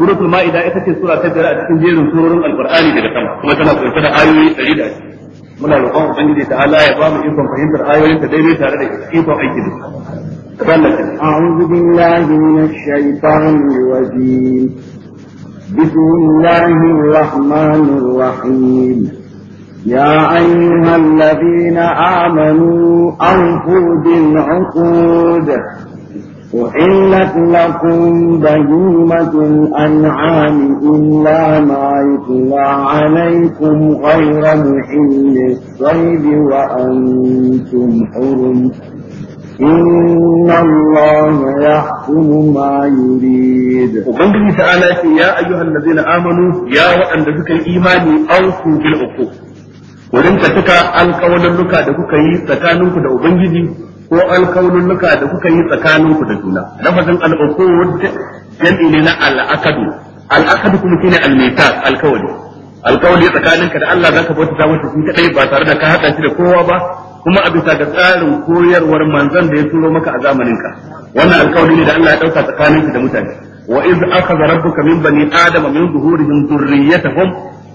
suratul ma'ida ita ce sura ta biyar a cikin jerin surorin alqur'ani daga sama kuma tana kunshe da ayoyi 120 muna roƙon ubangiji ta Allah ya ba mu ikon fahimtar ayoyin ta daidai tare da aiki da أعوذ بالله من الشيطان الرجيم بسم الله الرحمن الرحيم يا أيها الذين آمنوا أوفوا بالعقود أحلت لكم بهيمة الأنعام إلا ما يتلى عليكم غير محل الصيد وأنتم حرم إن الله يحكم ما يريد وبنجي تعالى يا أيها الذين آمنوا يا وأن ذكر الإيمان أوفوا بالعقوق ولن تتكى القول لك دكك تكانوك دا ko alkaululluka da kuka yi tsakaninku da juna lafazin al-uqud jam'i ne na al-aqdu al-aqdu kuma shine al-mithaq alkawli alkawli tsakaninka da Allah zaka bauta ta masa shi kadai ba tare da ka hada shi da kowa ba kuma a bisa ga tsarin koyarwar manzon da ya turo maka a zamaninka wannan alkawli ne da Allah ya dauka tsakaninki da mutane wa iz akhadha rabbuka min bani adama min zuhurihim dhurriyyatahum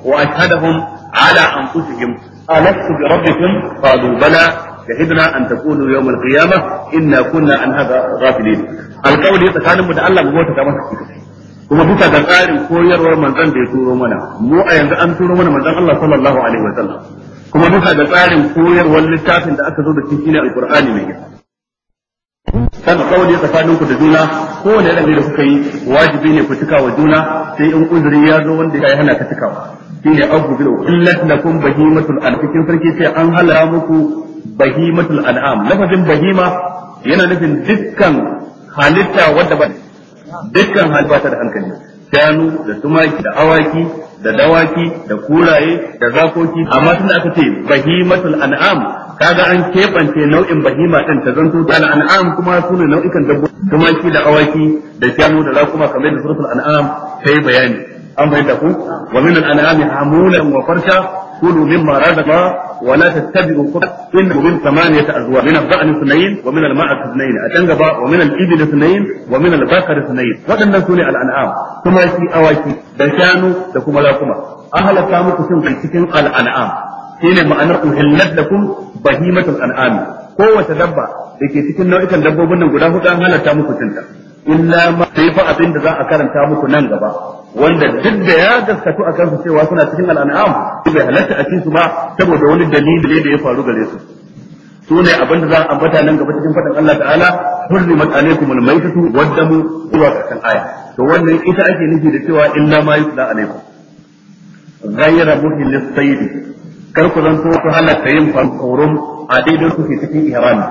wa ashhadahum ala anfusihim alastu bi rabbikum qalu bala shahidna an taqulu yawm al-qiyamah inna kunna an hadha ghafilin alqawli tsakaninmu da Allah mu mota masa kuma bisa ga tsarin koyarwar manzon da ya turo mana mu a yanzu an turo mana manzon Allah sallallahu alaihi wa sallam kuma bisa ga tsarin koyarwar littafin da aka zo da shi shine alqur'ani mai kan kawai tsakanin ku da juna ko ne da kuka yi wajibi ne ku tuka wa juna sai in uzuri ya zo wanda ya hana ka tukawa shine abu bil illat lakum bahimatul alfikin sarki sai an halara muku bahimatul an'am lafazin bahima yana nufin dukkan halitta wadda ba dukkan halitta ta da hankali shanu da tumaki da awaki da dawaki da kuraye da zakoki amma tun aka ce bahimatul an'am kaga an keɓance nau'in bahima din ta zanto da an'am kuma sune nau'ikan dabbobi tumaki da awaki da shanu da zakuma kamar da suratul an'am ta bayani an bayyana ku wa min al-an'ami hamulan wa farsha كلوا مما رزق ولا تتبعوا خطوات إنه من ثمانية أزواج من الضأن اثنين ومن المعز اثنين أتنقبا ومن الإبل اثنين ومن البقر اثنين وقد نسوني الأنعام ثم يأتي أواكي دشانو لكم لكما أهل كامو كسن في الأنعام shine ma'anar uhillat lakum bahimatul an'am kowace dabba da ke cikin nau'ikan dabbobin nan guda hudu an halatta muku cinta illa ma sai fa abin da za a karanta muku nan gaba wanda duk da ya gaskatu a kansu cewa suna cikin al'an'am bai halatta a cikin su ba saboda wani dalili da ya faru gare su su ne abin da za a ambata nan gaba cikin faɗin Allah ta'ala hurrimat alaikum almaytatu waddamu zuwa karshen aya to wannan ita ake nufi da cewa illa ma yusla alaikum ghayra muhil sayd kar ku zanto ku halatta yin fankurum a daidai ku ke cikin ihrami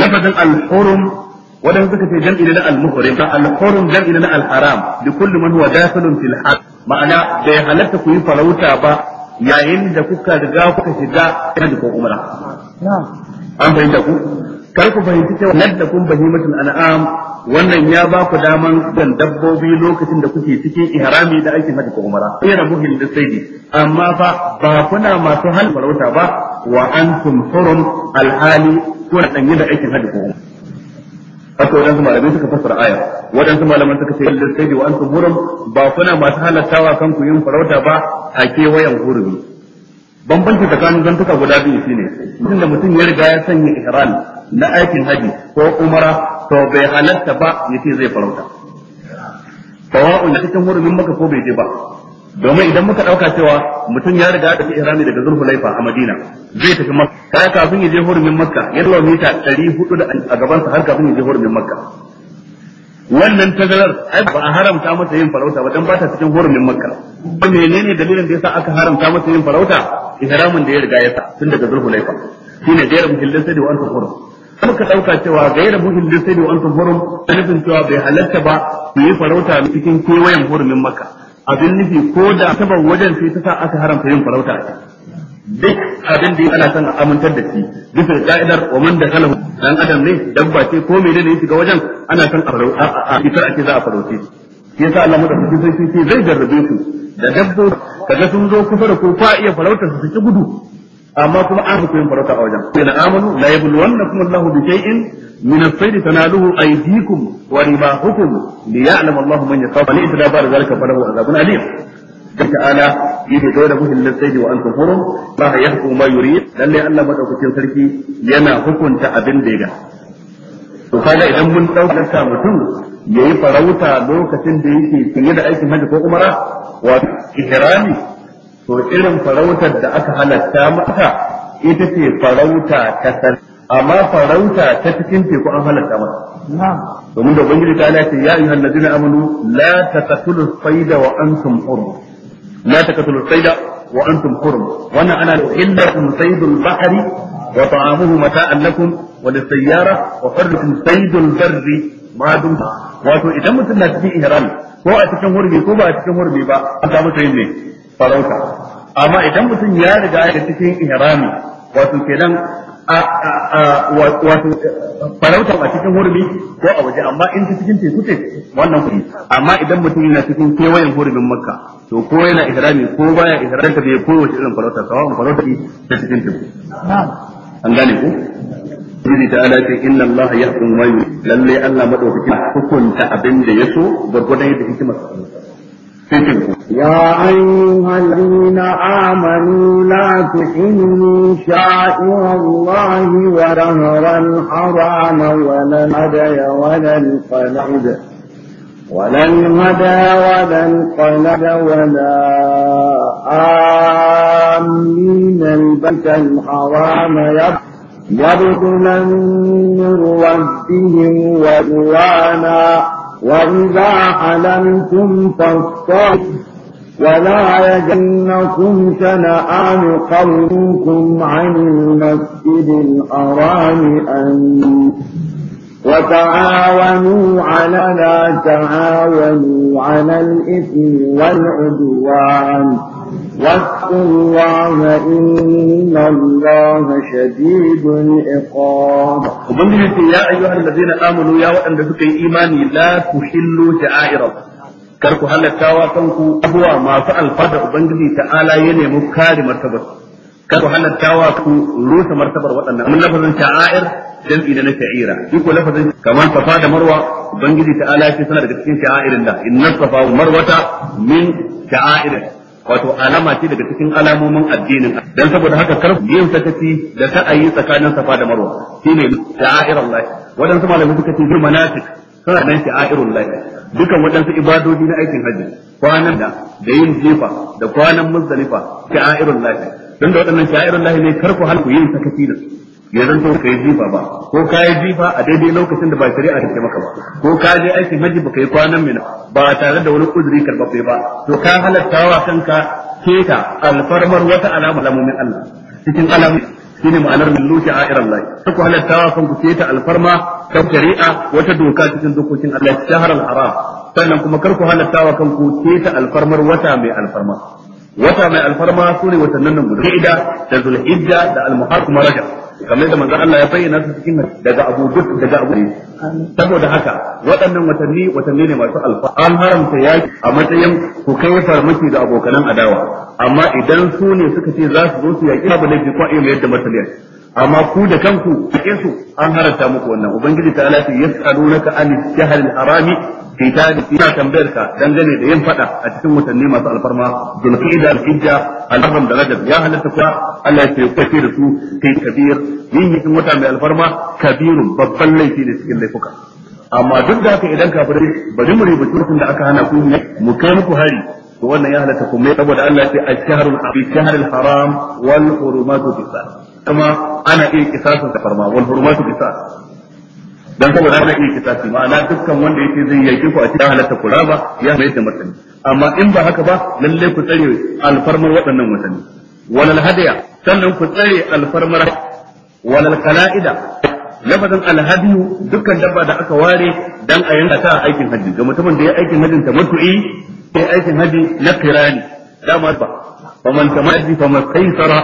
lafazin al-hurum wadan suka ce jam'i na al-muhrim da al-hurum jam'i na al-haram bi kulli man huwa dakhilun fil had ma'ana bai halatta ku yi farauta ba yayin da kuka riga kuka shiga hajji ko umra an fahimta ku kar ku fahimci cewa kun bahimatul an'am wannan ya ba ku daman gan dabbobi lokacin da kuke cikin ihrami da aikin hajji ko umra ya rabu hilda sayyidi amma fa ba kuna masu hal farauta ba wa antum hurum alhali kuna danye da aikin hajji ko umra haka waɗansu malamai suka fassara aya waɗansu malaman suka ce lil sai wa antum hurum ba kuna masu halattawa kanku yin farauta ba a kewayen hurumi bambanci tsakanin zantuka guda biyu shine inda mutum ya riga ya sanya ihram na aikin haji ko umara to bai halatta ba yace zai farauta sawa'un cikin hurumin maka ko bai je ba domin idan muka dauka cewa mutum ya riga da ihrami daga laifa a Madina zai tafi Makka kai kafin ya je hurumin Makka ya dawo mita 400 a gaban sa har kafin ya je hurumin Makka wannan tazarar ai ba a haramta masa yin farauta ba dan ba ta cikin hurumin Makka ba menene dalilin da yasa aka haramta masa yin farauta ihramin da ya riga ya sa tun daga laifa. shine da yarbu sai da wanta hurum muka dauka cewa ga yarbu hillin sai da wanta hurum nufin cewa bai halatta ba su yi farauta cikin kewayen hurumin Makka abin nufi ko da taban wajen sai ta sa aka haramta yin farauta a duk abin da ana son a amintar da shi da ka'idar wa man da kalahu dan adam ne dabba ce ko menene ne shiga wajen ana son a farauta a fitar ake za a farauce shi yasa Allah madaukaki sai sai sai zai jarrabe su. da dabbo kaga sun zo kusa da ko fa iya farauta su ci gudu amma kuma an fi yin farauta a wajen. Ina amanu la yabluwannakum Allahu bi shay'in من الصيد تناله أيديكم ورماحكم ليعلم الله من يخاف عليه إذا بعد ذلك فله عذاب أليم قال تعالى إذا غير مهل للصيد وأنتم حرم الله يحكم ما يريد لأن الله ما تكون سركي ينا حكم تأبن ديجا وقال إذا من توقف mutum ya yi فروتا lokacin da yake fiye da aikin hajji ko umara wa ihrami to irin farautar da aka halatta mata ita ce farauta ta sarki amma farauta ta cikin teku an halatta mata domin da ubangiji ta ala ce ya ayyuha allazina amanu la taqtulu sayda wa antum hurum la taqtulu sayda wa antum hurum wannan ana uhillakum saydul bahri wa ta'amuhu mata'an lakum wa sayyara, wa fardukum saydul barri ma dum wato idan mutum na cikin ihram ko a cikin hurbi ko ba a cikin hurbi ba an samu sayin ne farauta amma idan mutum ya riga a cikin ihrami wato kenan wato farautar a cikin hurbi ko a waje amma in ta cikin teku ce wannan kuɗi amma idan mutum yana cikin kewayen hurbin makka to ko yana ihrami ko baya ihrami ta bai kowace irin farauta sawan farauta ta cikin teku an gane ku Sirri ta ala ce inna Allah ya hukumu lalle Allah madaukakin hukunta abin da ya so gwargwadon yadda hikimarsa يا أيها الذين آمنوا لا تحنوا شعائر الله ولا الحرام ولا الهدي ولا القلد ولا الهدى ولا القلد ولا آمين البيت الحرام يبطلا من ربهم وإوانا وإذا حلمتم فاصطادوا ولا يجنكم شنآن قومكم عن المسجد الحرام أن وتعاونوا على لا تعاونوا على الإثم والعدوان واتقوا الله إن الله شديد العقاب وبنجلت يا أيها الذين آمنوا يا وأن بك إيماني لا تحلوا شعائر الله كركو هل تاوى كنكو أبوى ما فعل فدع بنجلي تعالى يني مكار مرتبة كركو هل تاوى كو روس مرتبة وأن من لفظ شعائر jam'i na sha'ira shi ko lafazin kamar safa da marwa ubangiji ta'ala ya ce suna daga cikin sha'irin da inna safa wa marwata min sha'irin wato alama ce daga cikin alamomin addinin dan saboda haka kar yin sakaci da sa'ayi tsakanin safa da marwa shine sha'airullah wadansu malamai suka ce manasik suna nan sha'airullah dukan wadansu ibadodi na aikin haji kwanan da da yin jifa da kwanan muzdalifa sha'airullah dan da wadannan sha'airullah ne kar ku halku yin sakaci da ya zanto ka yi jifa ba ko ka yi jifa a daidai lokacin da ba shari'a take maka ba ko ka je aiki haji ka yi kwanan mina ba tare da wani uzuri karbabbe ba to ka halatta wa kanka keta alfarmar wata alama alamomin Allah cikin alamomin shine ma'anar min a iran Allah ku halatta wa kanku keta alfarma ta shari'a wata doka cikin dokokin Allah shahar al-haram sannan kuma karku ku halatta wa kanku keta alfarmar wata mai alfarma wata mai alfarma sune watannin nan guda da zulhijja da al-muharram rajab kamar da manzo Allah ya bayyana su cikin daga Abu Bakr daga Abu saboda haka waɗannan watanni watanni ne masu alfa an haramta yaki a matsayin ku kai farmaki da abokanan adawa amma idan su ne suka ce za su zo su yaki babu laifi ko a iya mayar da amma ku da kanku cikin su an haranta muku wannan ubangiji ta alati na ka shahr al-harami kitabi ina tambayar ka dangane da yin fada a cikin watanni masu alfarma zulqa'ida al-hijja al-haram da rajab ya halatta kuwa Allah ya ce kafi da su kai kabir yin yakin wata mai alfarma kabirun babban laifi ne cikin laifuka amma duk da haka idan kafirai bari mu ribaci mutum da aka hana ku mu kai muku hari to wannan ya halatta kuma saboda Allah ya ce ash-shahrul haram wal hurumatu tisar kuma ana iya kisasin da farma wal hurmatu kisas dan saboda ana iya kisasi ma'ana dukkan wanda yake zai yake ku a cikin halatta kura ya mai da martani amma in ba haka ba lalle ku tsare alfarmar waɗannan mutane walal hadiya sannan ku tsare alfarmar walal kala'ida lafazin alhadiyu dukkan dabba da aka ware dan a yanka ta aikin haji ga mutumin da ya aikin hajjin ta mutu'i ya aikin haji na kirani dama ba faman tamaji faman kaisara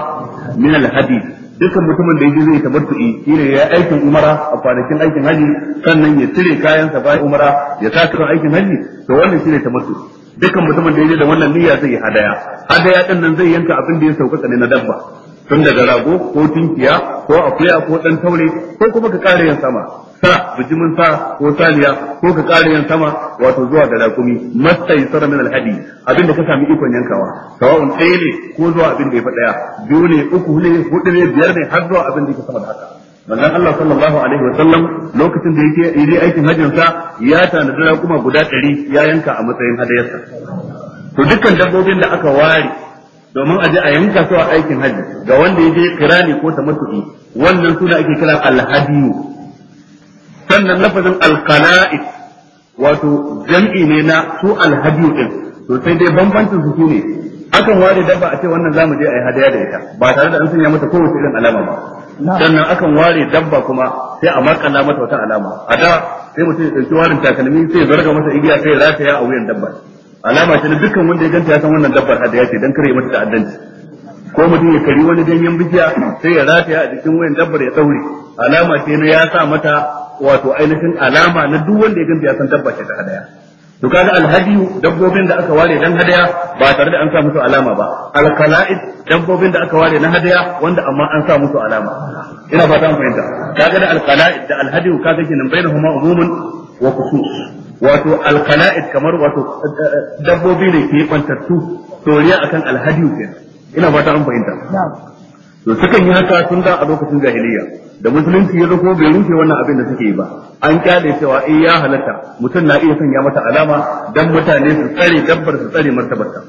min alhadiyu dukkan mutumin da yake zai tabattu'i shine ya aikin umara a kwanakin aikin haji sannan ya cire kayan sa bayan umara ya sa kan aikin haji to wannan shine tabattu dukkan mutumin da yake da wannan niyya zai yi hadaya hadaya din nan zai yanka abin da ya sauka tsane na dabba tun daga rago ko tunkiya ko akuya ko dan taure ko kuma ka kare yan sama sa bijimin sa ko saliya ko ka kare yan sama wato zuwa da rakumi masta yusara min alhadi abinda ka sami ikon yankawa sawa'un ɗaya ne ko zuwa abin da ya fi ɗaya biyu ne uku ne hudu ne biyar ne har zuwa abin da ya sama da haka manzon Allah sallallahu alaihi wasallam lokacin da yake yi aikin hajjin sa ya tanadi rakuma guda ɗari ya yanka a matsayin hadayarsa to dukkan dabbobin da aka ware domin aje a yanka su a aikin hajji ga wanda ya je kirani ko tamattu'i wannan suna ake kira alhadi sannan lafazin alqala'id wato jam'i ne na su alhadi din to sai dai bambancin su shine akan ware dabba a ce wannan zamu je a yi hadaya da ita ba tare da an sanya mata kowace irin alama ba sannan akan ware dabba kuma sai a makalla mata wata alama a da sai mutum ya dauki warin takalmi sai ya zarga masa igiya sai ya rataya a wuyan dabba alama ce na dukkan wanda ya ganta ya san wannan dabbar hadaya ce dan kare mata ta'addanci ko mutum ya kari wani ganyen bijiya sai ya rataya a jikin wayan dabbar ya daure alama ce na ya sa mata wato ainihin alama na duk wanda ya ganta ya san dabba ce ta hadaya to kaga alhadiyu dabbobin da aka ware dan hadaya ba tare da an sa musu alama ba alkala'id dabbobin da aka ware na hadaya wanda amma an sa musu alama ina fata an fahimta kaga da alkala'id da alhadiyu kaga kenan bainahuma umumun wa khusus wato alqana'id kamar wato dabbobi ne ke bantattu doriya akan alhadiyu kenan ina fata an fahimta to sukan yi haka tun da a lokacin jahiliya da musulunci ya zo bai rufe wannan abin da suke yi ba an kyale cewa in eh, ya halatta mutum na iya sanya mata alama dan mutane su tsare dabbar su tsare martabarta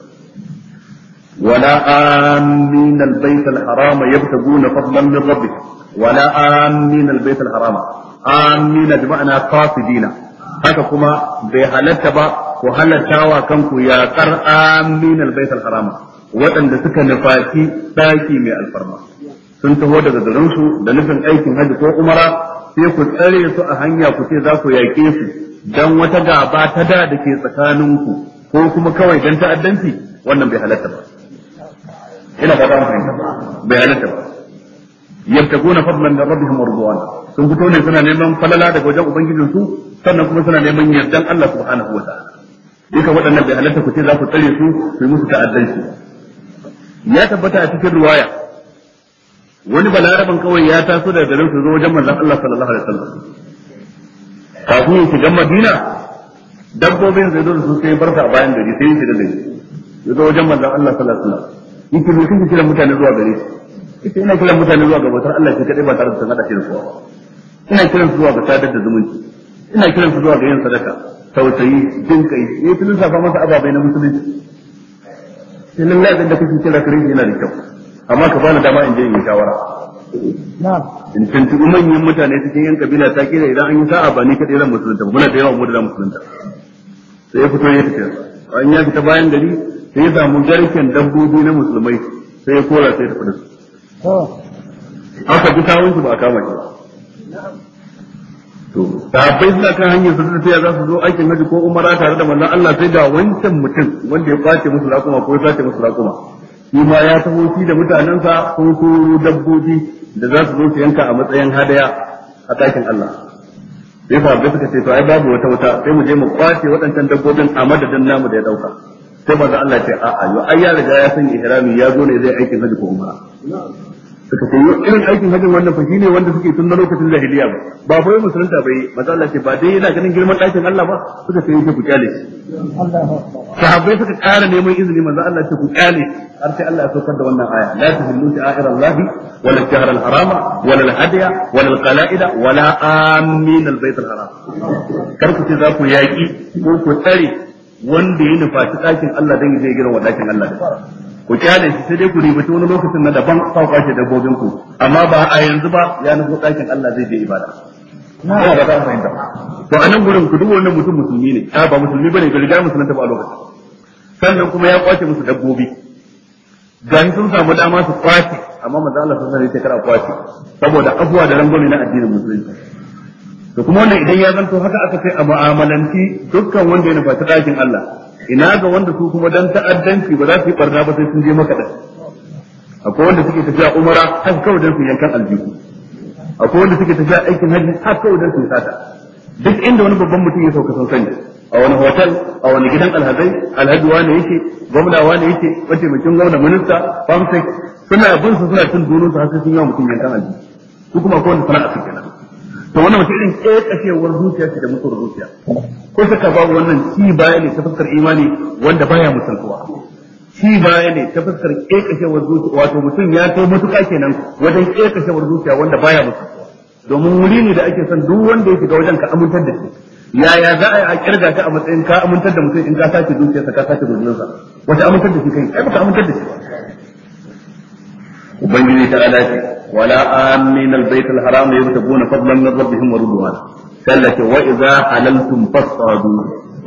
ولا آمين البيت الحرام يبتغون فضلا من ربهم ولا آمين البيت الحرام آمين بمعنى قاصدين haka kuma bai halatta ba ku halatta wa kanku ya kar amin albayt alharama waɗanda suka nufaci ɗaki mai alfarma sun taho daga garinsu da nufin aikin hajji ko umara sai ku tsare su a hanya ku ce za ku yaƙe su dan wata gaba ta da da ke tsakaninku ko kuma kawai dan ta'addanci wannan bai halatta ba ina fata mun bai halatta ba yabtaguna fadlan min rabbihim wa sun fito ne suna neman falala daga wajen ubangijinsu sannan kuma suna neman yardan Allah subhanahu wa ta'ala duka waɗannan bai halatta ku ce za ku tsare su su yi musu ta'addanci ya tabbata a cikin riwaya wani balaraban kawai ya taso daga garin su zo wajen manzon Allah sallallahu alaihi wasallam kafin ya shiga Madina dabbobin zai zo su sai barka a bayan gari sai ya shiga gari ya zo wajen manzon Allah sallallahu alaihi wasallam yake ne kike kiran mutane zuwa gare shi yake ina kiran mutane zuwa ga bautar Allah shi kadai ba tare da sanar da shi da kowa ina kiran su zuwa ga sadar da zumunci ina kiran su zuwa ga yin sadaka tausayi jin kai ne tun safa masa ababai na musulunci sai lallai abin da kake kira kiran yana da kyau amma ka bani dama in je in shawara in tuntuɓi manyan mutane cikin yan kabila ta kira idan an yi sa'a ba ni kaɗai zan musulunta ba muna da yawa mu da musulunta sai ya fito ya fita an ya fita bayan gari sai ya samu garken dabbobi na musulmai sai ya kora sai ya tafi da su oh. aka bi kawun ba a kama shi to sahabbai suna kan hanyar su tafiya za su zo aikin haji ko umara tare da manzon Allah sai da wancan mutum wanda ya kwace musu rakuma ko ya sace musu raƙuma. shi ma ya taho shi da mutanensa ko ko dabbobi da za su zo su yanka a matsayin hadaya a ɗakin Allah sai fa bai suka ce to ai babu wata wata sai mu je mu kwace waɗancan dabbobin a madadin namu da ya ɗauka sai manzon Allah ce a'a yo ai ya riga ya san ihrami ya zo ne zai aikin haji ko umara suka ce irin aikin hajjin wannan fa shine wanda suke tun na lokacin jahiliya ba ba fa musulunta bai maza Allah ce ba dai yana ganin girman ɗakin Allah ba suka ce yake ku kyale sahabbai suka ƙara neman izini manzo Allah ce ku kyale har sai Allah ya saukar da wannan aya la tuhillu sha'ira Allah wala shahra al-harama wala al-hadiya wala al-qala'ida wala amin al harama. al-haram kar ku ce za ku yaki ko ku tsare wanda ya nufaci ɗakin Allah dan ya je gidan wa ɗakin Allah da ku kyale shi sai dai ku ribaci wani lokacin na daban sauka shi dabbobin ku amma ba a yanzu ba ya nufo ɗakin Allah zai je ibada na ba za fahimta to anan gurin ku duk wani mutum musulmi ne a ba musulmi bane ga riga musulunta ba a lokacin sannan kuma ya kwace musu dabbobi gani sun samu dama su kwace amma manzo Allah sun sanar a kwace saboda abuwa da rangwame na addinin musulunci to kuma wannan idan ya zanto haka aka kai a mu'amalanci dukkan wanda ya nufa ta ɗakin Allah ina ga wanda su kuma dan ta'addanci ba za su yi barna ba sai sun je maka da akwai wanda suke tafiya umara har kawai dan su yankan aljihu akwai wanda suke tafiya aikin haji har kawai dan su sata duk inda wani babban mutum ya sauka sun sani a wani hotel a wani gidan alhazai alhaji wane yake gwamna wane yake mataimakin gwamna minista famsek suna bin su suna cin dunun su har sai sun yi mutum yankan aljihu su kuma akwai wanda sana'a su kenan to wannan mutum irin kekashewar zuciya ce da mutuwar zuciya ko ka babu wannan ci baya ne ta fuskar imani wanda baya kowa ci baya ne ta fuskar kekashewar zuciya wato mutum ya kai mutuka kenan wajen kekashewar zuciya wanda baya mutuntuwa domin wuri ne da ake son duk wanda ya shiga wajen ka amintar da shi yaya za a yi a kirga ta a matsayin ka amintar da mutum in ka sace zuciyarsa ka sace zuciyarsa wata amintar da shi kai ai baka amintar da shi ba ubangiji ta alaƙi ولا آمين البيت الحرام يبتغون فضلا من ربهم ورضوانا سلك وإذا حللتم فاصطادوا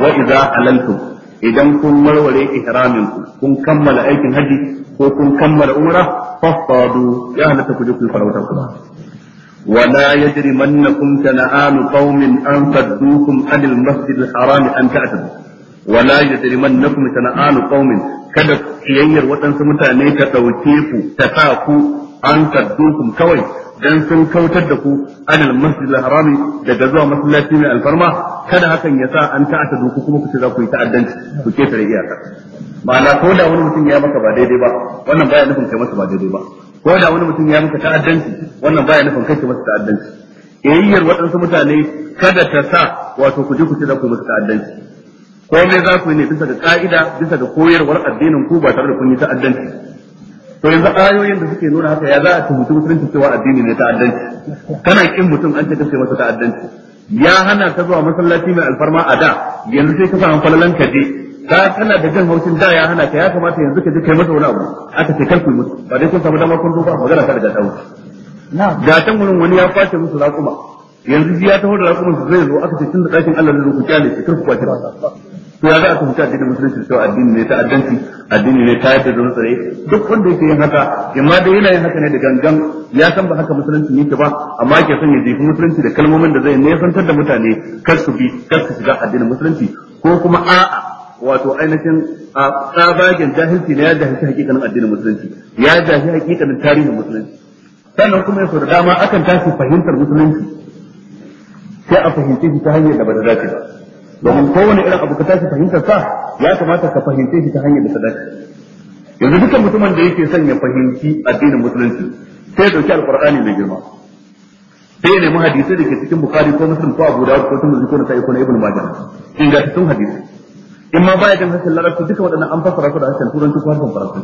وإذا حللتم idan kun warware ihraminku kun kammala aikin haji ko kun kammala umra fasadu ya halatta ku je ku farauta ku wala yajrimannakum tana'anu qaumin an saddukum anil masjidil haram an ta'tadu wala yajrimannakum tana'anu qaumin kada kiyayyar waɗansu mutane ta ɗauke ku ta sa ku an kaddukum kawai dan sun kautar da ku anil masjidil harami daga zuwa masallaci mai alfarma kada hakan ya sa an ta'ata doku kuma ku ce za ku yi ta'addanci ku ce tare iyaka ma'ana ko da wani mutum ya maka ba daidai ba wannan baya nufin kai masa ba daidai ba ko da wani mutum ya maka ta'addanci wannan baya nufin kai masa ta'addanci yayyar waɗansu mutane kada ta sa wato ku je ku ce za ku yi masa ta'addanci komai za ku yi ne bisa ga ka'ida bisa ga koyarwar addinin ku ba tare da kun yi ta'addanci to yanzu ayoyin da suke nuna haka ya za a tuhuci musulunci cewa addini ne ta'addanci kana kin mutum an ce kace masa ta'addanci ya hana ka zuwa masallaci mai alfarma a da yanzu sai ka samu falalan ka je ka kana da jan haushin da ya hana ka ya kamata yanzu ka je kai masa wani abu aka ce kar ku mutu ba dai kun samu dama kun duba magana ta daga ta na ga tan wurin wani ya kwace musu raƙuma yanzu ya taho da rakumin su zai zo aka ce tun da ɗakin Allah zai ku kyale shi karku kwace to ya za a kuma tafi da musulunci cewa addini ne ta'addanci addini ne ta yadda zuwa tsare duk wanda yake yin haka amma da yana yin haka ne da gangan ya san ba haka musulunci yake ba amma ke san ya jefi musulunci da kalmomin da zai nesantar da mutane kar su bi kar su shiga addinin musulunci ko kuma a'a wato ainihin a tsabagen jahilci ne ya jahilci hakikanin addinin musulunci ya jahilci hakikanin tarihin musulunci sannan kuma ya da dama akan tashi fahimtar musulunci sai a fahimce shi ta hanyar da ba ta dace ba domin kowane irin abu ka tashi fahimtar sa ya kamata ka fahimce shi ta hanyar da ta dace yanzu dukkan mutumin da yake son ya fahimci addinin musulunci sai ya dauki alqur'ani mai girma sai ya nemi hadisi da ke cikin bukhari ko muslim ko abu dawud ko tirmidhi ko nasa'i ko ibn majah ingantattun hadisi in ma baya jin harshen larabci duka waɗannan an fassara su da harshen turanci ko harshen faransu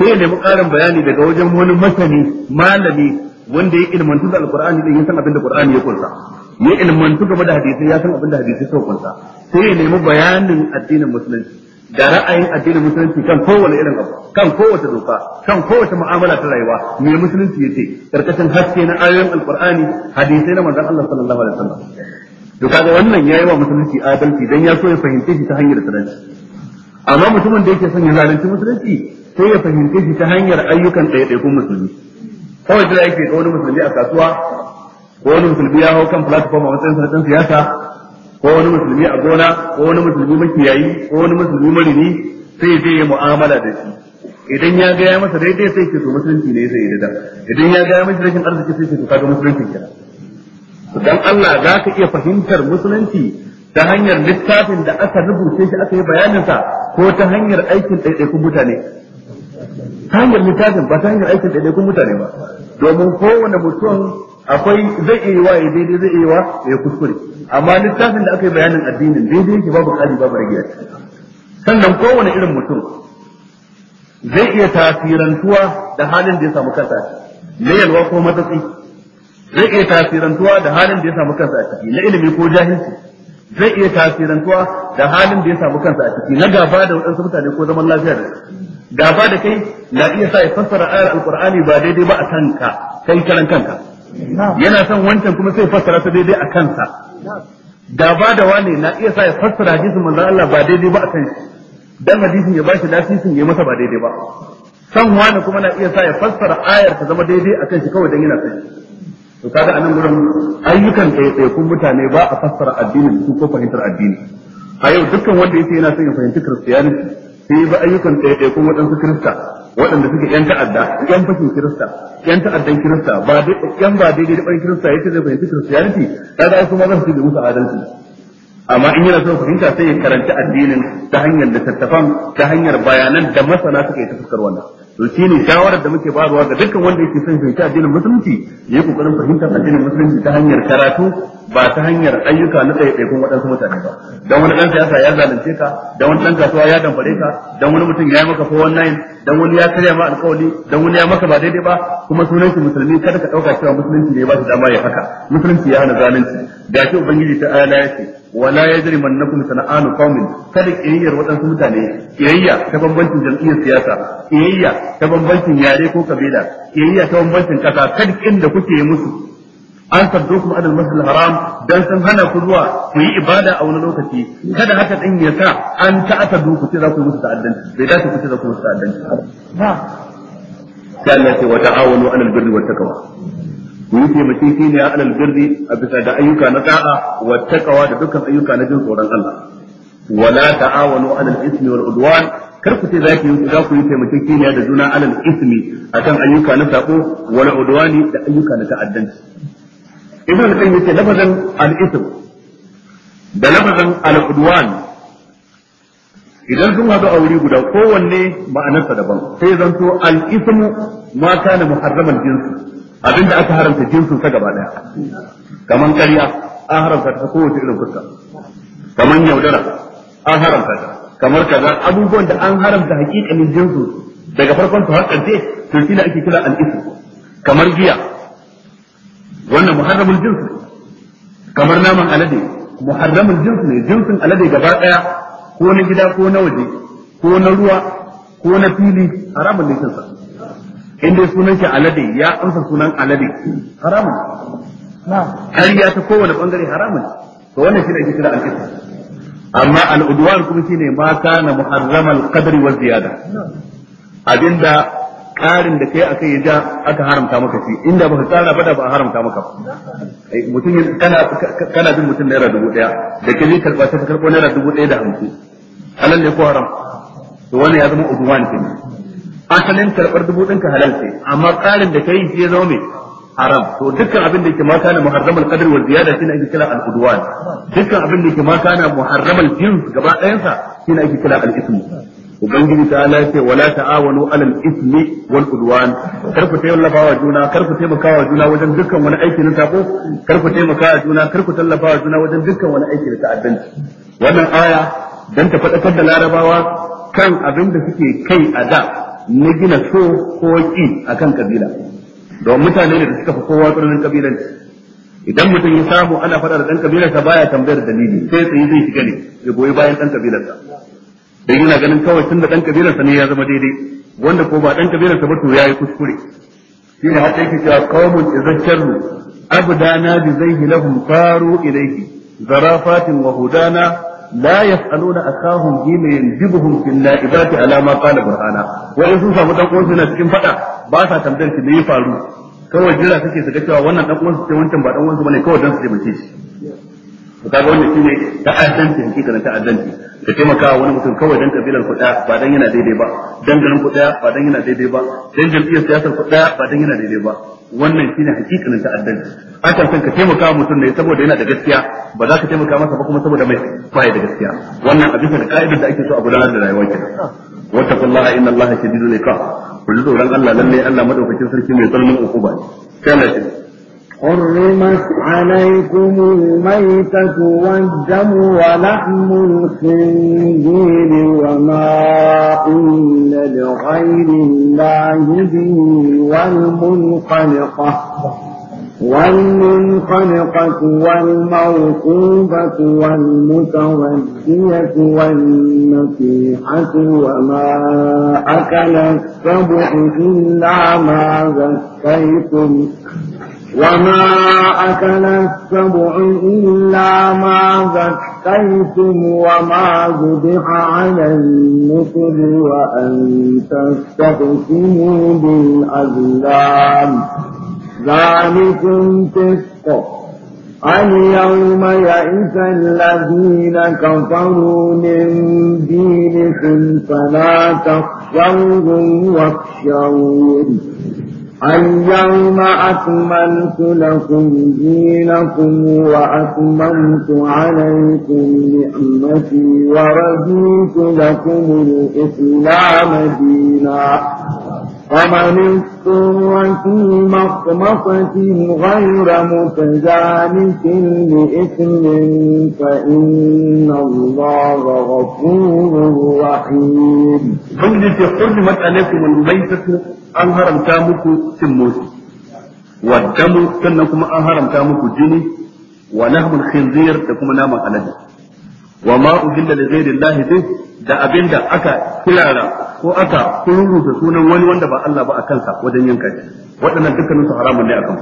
sai ya nemi ƙarin bayani daga wajen wani masani malami wanda ya ilmantu da alqur'ani din ya san abin da qur'ani ya kunsa ya ilmantu game da hadisai ya san abin da hadisai sau kunsa sai ya nemi bayanin addinin musulunci da ra'ayin addinin musulunci kan kowane irin abu kan kowace doka kan kowace ma'amala ta rayuwa me musulunci ce. karkashin haske na ayoyin alqur'ani hadisai na manzon Allah sallallahu alaihi wasallam to kaga wannan yayi wa musulunci adalci dan ya so ya fahimce shi ta hanyar adalci amma mutumin da yake son ya zalunci musulunci sai ya fahimce shi ta hanyar ayyukan ɗaiɗaikun musulmi kawai da yake ga wani musulmi a kasuwa ko wani musulmi ya hau kan platform a matsayin sanatan siyasa ko wani musulmi a gona ko wani musulmi makiyayi ko wani musulmi marini sai zai yi mu'amala da shi idan ya ga ya masa daidai sai ke to musulunci ne zai ya da idan ya ga ya masa rashin arziki sai ke to kaga musulunci kenan dan Allah za ka iya fahimtar musulunci ta hanyar littafin da aka rubuce shi aka yi bayaninsa ko ta hanyar aikin ɗaiɗaikun mutane ta hanyar littafin ba ta hanyar aikin ɗaiɗaikun mutane ba domin kowane mutum akwai zai iya wa ya daidai zai iya wa ya kuskure amma littafin da aka yi bayanin addinin daidai yake babu kari babu rage sannan kowane irin mutum zai iya tasirantuwa da halin da ya samu kansa na yalwa ko matsatsi zai iya tasirantuwa da halin da ya samu kansa a ciki na ilimi ko jahilci zai iya tasirantuwa da halin da ya samu kansa a ciki na gaba da waɗansu mutane ko zaman lafiya da gaba da kai na iya sa ya fassara ayar alkur'ani ba daidai ba a kanka kai karan kanka yana son wancan kuma sai fassara ta daidai a kansa ba da wane na iya sa ya fassara hadisin manzon Allah ba daidai ba a kan shi dan hadisin ya bashi lasisin ya masa ba daidai ba san wani kuma na iya sa ya fassara ayar ta zama daidai kan shi kawai dan yana san to kaga anan gurin ayyukan da ya kun mutane ba a fassara addinin su ko fahimtar addini a yau dukkan wanda yake yana son ya fahimci kristiyaniti sai ba ayyukan da ya kun waɗansu kirista waɗanda suke yan ta'adda yan fashin kirista yan ta'addan kirista ba dai yan ba dai dai ɓarin kirista yace zai fahimci kristiyaniti kaga ai kuma za su yi musu adalci amma in yana son fahimta sai ya karanta addinin ta hanyar littattafan ta hanyar bayanan da masana suke ta fuskar wannan to ne shawarar da muke bayarwa ga dukkan wanda yake son ta addinin musulunci ya yi kokarin fahimtar addinin musulunci ta hanyar karatu ba ta hanyar ayyuka na kun waɗansu mutane ba dan wani ɗan siyasa ya zalunce ka dan wani ɗan kasuwa ya damfare ka dan wani mutum ya yi maka ko wannan dan wani ya karya ma alƙawari dan wani ya maka ba daidai ba kuma sunan shi musulmi kada ka ɗauka cewa musulunci ne ba shi dama ya haka musulunci ya hana zalunci shi ubangiji ta ayyana ya ce wala yajrimannakum sana'anu qaumin kada kiyayyar waɗansu mutane kiyayya ta bambancin jam'iyyar siyasa kiyayya ta bambancin yare ko kabila kiyayya ta bambancin kasa kada kin kuke musu an saddukum ala al haram dan sun hana ku zuwa ku yi ibada a wani lokaci kada haka din ya sa an ta'atadu ku ce za ku musu ta'addanci bai dace ku ku musu ta'addanci ku yi taimake shi ne alal birri a bisa da ayyuka na da'a wa taqwa da dukkan ayyuka na jin tsoron Allah wala ta'awanu alal ismi wal udwan kar ku ce za ku yi za ku yi taimake shi ne da juna alal ismi akan ayyuka na sako wal udwani da ayyuka na ta'addanci ibn qayyim yace lafazan al ism da lafazan al udwan idan sun haɗu a wuri guda kowanne ma'anarsa daban sai zanto al ismu ma kana muharraman jinsi abinda aka haramta jinsin sa gaba daya kaman ƙarya an haramta ta kowace irin fuska kaman yaudara an haramta ta kamar kaza abubuwan da an haramta hakikanin jinsin daga farkon su har ƙarshe to shi ake kira al'isu. kamar giya wannan muharramul jinsi kamar naman alade muharramul jinsi ne jinsin alade gaba daya ko na gida ko na waje ko na ruwa ko na fili haramun ne sa inda sunan shi alade ya amsa sunan alade haramun har ya ta kowane bangare haramun to wannan shi ne ake kira al'isa amma al'udwan kuma ne ma kana al qadri wa ziyada abinda karin da kai akai yi aka haramta maka shi inda baka tsara ba da ba haramta maka eh, mutum kana kana bin mutum naira dubu daya da ka je karba ta karbo naira dubu daya da hamsin alalle ko haram to wannan ya zama udwan kenan asalin karɓar dubu ɗinka halal ce amma ƙarin da kai shi ya zama mai haram to dukkan abin da yake ma kana muharramal qadr wal ziyada shine ake kira al udwan dukkan abin da yake ma kana muharramal jins gaba ɗayan sa shine ake kira al ismi ubangiji ta ala ce wala ta'awanu alal ismi wal udwan kar ku tallafa wa juna kar ku taimaka wa juna wajen dukkan wani aiki na sako kar ku taimaka wa juna kar ku tallafa wa juna wajen dukkan wani aiki na ta'addanci wannan aya dan ta faɗakar da larabawa kan abin da suke kai a da na gina so ko ki akan kabila don mutane ne da suka fi kowa tsananin kabilanci idan mutum ya samu ana faɗa da ɗan kabilarsa baya tambayar dalili sai tsaye zai shiga ne ya goyi bayan ɗan kabilarsa Da yana ganin kawai tun da ɗan kabilarsa ne ya zama daidai wanda ko ba ɗan kabilarsa ba to ya yi kuskure shi ne hatta yake cewa ru izaccaru abdana bi zai hilahun faru ilaihi. zarafatin wa hudana la yas'aluna akahum hina yanjibuhum fil na'ibati ala ma qala burhana wa in sun samu dan uwan suna cikin fada ba sa tambayar shi me ya faru kawai jira kake su cewa wannan dan uwansu ce wancan ba dan uwansu su bane kawai dan su taimake shi to kaga wannan shine ta'addanci hakika na ta'addanci ka taimaka wani mutum kawai dan kabilar kuɗa ba dan yana daidai ba dan garin kuɗa ba dan yana daidai ba dan jam'iyyar siyasar kuɗa ba dan yana daidai ba wannan shine hakikanin ta'addanci kan san ka taimaka mutum ne saboda yana da gaskiya ba za ka taimaka masa ba kuma saboda mai baya da gaskiya wannan a bisa da ka'idar da ake so a gudanar da rayuwa kenan wattaqullaha inna allaha shadidul iqab kullu ran Allah lalle Allah madaukakin sarki mai tsananin ukuba ne shi حرمت عليكم الميتة والدم ولحم الخنزير وما أهل لغير الله به والمنخلقة والمنخلقة والموقوبة والمتردية والنصيحة وما أكل السبع إلا ما ذكيتم وما أكل السبع إلا ما ذكيتم وما ذبح على النصر وأن تستقسموا بالأزلام ذلكم فسق اليوم يئس الذين كفروا من دينكم فلا تخشوهم واخشوني اليوم أكملت لكم دينكم وأتممت عليكم نعمتي ورضيت لكم الإسلام دينا فمن اضطر في مخمصة غير متجانس لإثم فإن الله غفور رحيم. قل حرمت عليكم الميتة an haramta muku cin motsi wa damu sannan kuma an haramta muku jini wa lahmul khinzir da kuma naman alade wa ma uhilla li ghairi Allah da abinda aka kirara ko aka kururuta sunan wani wanda ba Allah ba a kansa wajen yanka shi waɗannan dukkanin su haramun ne akan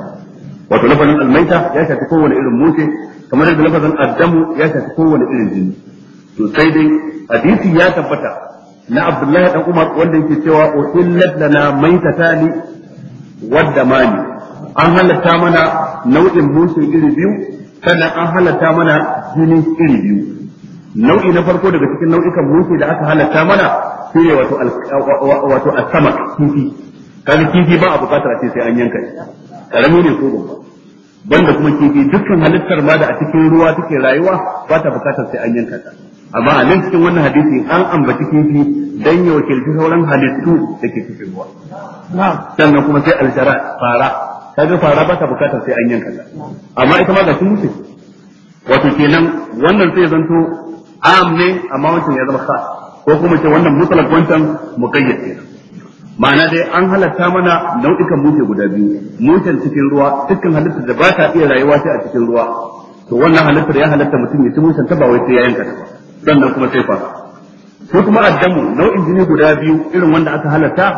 wato lafazin almaita ya shafi kowane irin mushe kamar yadda lafazin addamu ya shafi kowane irin jini to sai dai hadisi ya tabbata na Abdullahi dan Umar wanda yake cewa uhillat lana maitatani wadda mani an halatta mana nau'in musu iri biyu sannan an halatta mana jini iri biyu nau'i na farko daga cikin nau'ikan musu da aka halatta mana shine wato wato asama kifi kaga kifi ba a bukatar ce sai an yanka karami ne ko babba banda kuma kifi dukkan halittar ma da a cikin ruwa take rayuwa ba ta bukatar sai an yanka ta amma a nan cikin wannan hadisi an ambaci kifi dan ya wakilci sauran halittu da ke cikin ruwa sannan kuma sai alshara fara kaga fara ba ta bukatar sai an yanka ta amma ita ma ga sun mutu wato kenan wannan sai zanto am ne amma wancan ya zama sa ko kuma ce wannan mutalak wancan muqayyad kenan ma'ana dai an halatta mana nau'ikan mutu guda biyu mutan cikin ruwa dukkan halittar da ba ta iya rayuwa sai a cikin ruwa to wannan halittar ya halatta mutum ya ci mutan ta ba wai sai ya yanka ta ba sannan kuma sai fa ko kuma addamu nau'in jini guda biyu irin wanda aka halatta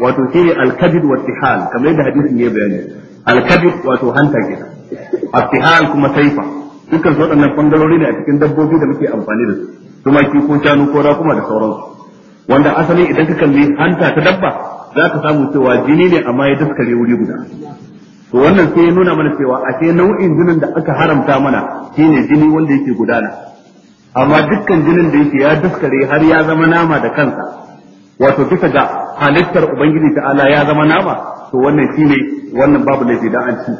wato shine al wa tihal kamar yadda hadisin ya bayani al wato hanta kenan at-tihal kuma saifa dukkan su waɗannan bangarori ne a cikin dabbobi da muke amfani da su tumaki ko shanu ko rakuma da sauransu wanda asali idan ka kalli hanta ta dabba za ka samu cewa jini ne amma ya daskare wuri guda to wannan sai ya nuna mana cewa ashe nau'in jinin da aka haramta mana shine jini wanda yake gudana amma dukkan jinin da yake ya daskare har ya zama nama da kansa wato duka ga halittar ubangiji ala ya zama nama to wannan shine wannan babu laifi da an ci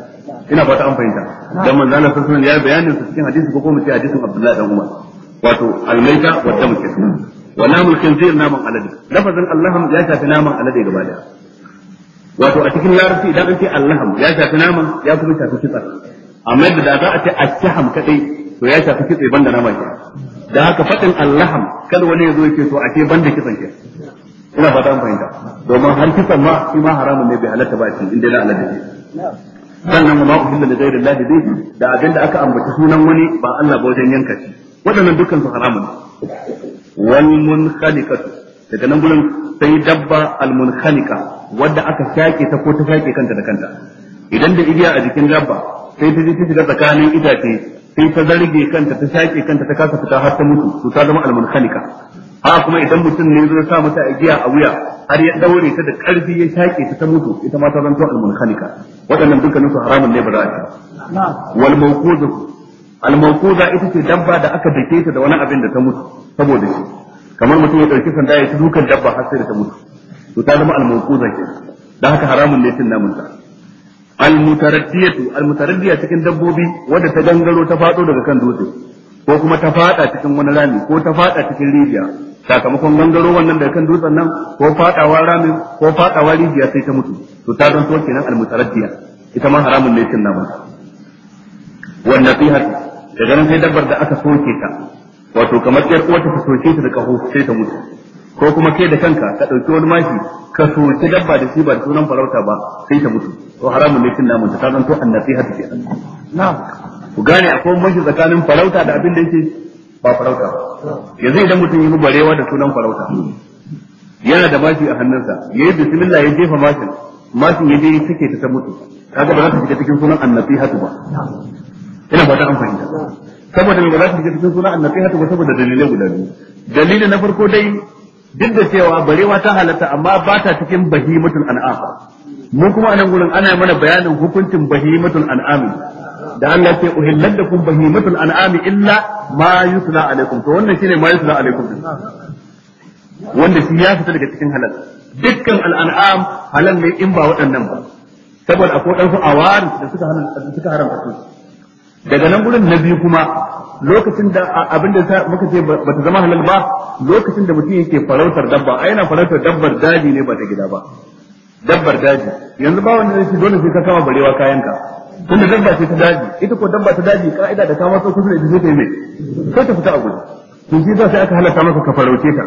ina fata an fahimta dan manzo Allah sallallahu alaihi wasallam ya bayanin su cikin hadisi ko kuma cikin hadisi Abdullahi dan Umar wato almaita wa damu kenan wa namul khinzir naman alade lafazin allahum ya shafi naman alade gaba daya wato a cikin larabci idan an ce allahum ya shafi naman ya kuma shafi kitsar amma da za a ce ashaham kadai to ya shafi kitse banda nama ke da haka fadin allaham kada wani ya zo ya to ashe banda kitsan ke ina ba an fahimta domin har kitsan ma shi ma haramun ne bai halatta ba shi inda na halatta shi sannan ma uhilla li ghairi allah dai da abinda aka ambaci sunan wani ba Allah ba wajen yanka shi waɗannan dukkan su haramun wal munkhaliqatu daga nan gurin sai dabba al munkhaliqa wadda aka shake ta ko ta shake kanta da kanta idan da igiya a jikin dabba sai ta je ta shiga tsakanin itace sai ta zarge kanta ta shaƙe kanta ta kasa fita har ta mutu to ta zama almunhalika ha kuma idan mutum ne zai sa mata giya a wuya har ya daure ta da ƙarfi ya shaƙe ta ta mutu ita ma ta zanto almunhalika waɗannan dukkanin su haramun ne ba za a ci wal mawquza ita ce dabba da aka dake ta da wani abin da ta mutu saboda shi kamar mutum ya ɗauki sanda ya ci dukan dabba har sai da ta mutu to ta zama al ke haka haramun ne cin namun ta almutaraddiyatu almutaraddiya cikin dabbobi wanda ta gangaro ta fado daga kan dutse ko kuma ta fada cikin wani rami ko ta fada cikin rijiya sakamakon gangaro wannan daga kan dutsen nan ko fadawa rami ko fadawa rijiya sai ta mutu to ta zanto kenan almutaraddiya ita ma haramun ne cin nama wannan nasiha daga nan sai dabbar da aka soke ta wato kamar yar uwa ta soke ta da kaho sai ta mutu ko kuma kai da kanka ka dauki wani mashi ka soke dabba da shi ba da sunan farauta ba sai ta mutu to haramun ne cin naman ta zan to annasiha ta kenan na'am ku gane akwai mashi tsakanin farauta da abin da yake ba farauta yanzu idan mutum yi barewa da sunan farauta yana da mashi a hannunsa yayi bismillah ya jefa mashin mashin ya je ya take ta ta mutu kaga ba za ta shiga cikin sunan annasiha ba ina ba ta an fahimta saboda mai ba za ta fita cikin sunan annasihatu ba saboda dalilai guda biyu dalili na farko dai duk da cewa barewa ta halatta amma ba ta cikin bahimatul an'am mu kuma anan gurin ana mana bayanin hukuncin bahimatul an'ami da Allah ce uhillat lakum bahimatul an'ami illa ma yusla alaikum to wannan shine ma yusla alaikum wanda shi ya fita daga cikin halal dukkan al'an'am halal ne in ba waɗannan ba saboda akwai ɗansu awari da suka suka haramta su daga nan gurin na biyu kuma lokacin da abin da muka ce ba ta zama halal ba lokacin da mutum yake farautar dabba a yana farautar dabbar daji ne ba ta gida ba dabbar daji yanzu ba wanda zai dole sai ka kama barewa kayan ka tunda dabba ce ta daji ita ko dabba ta daji ka'ida da kama sau kusa ita sai ta yi mai sai ta fita a gudu to shi sai aka halatta maka ka farauce ta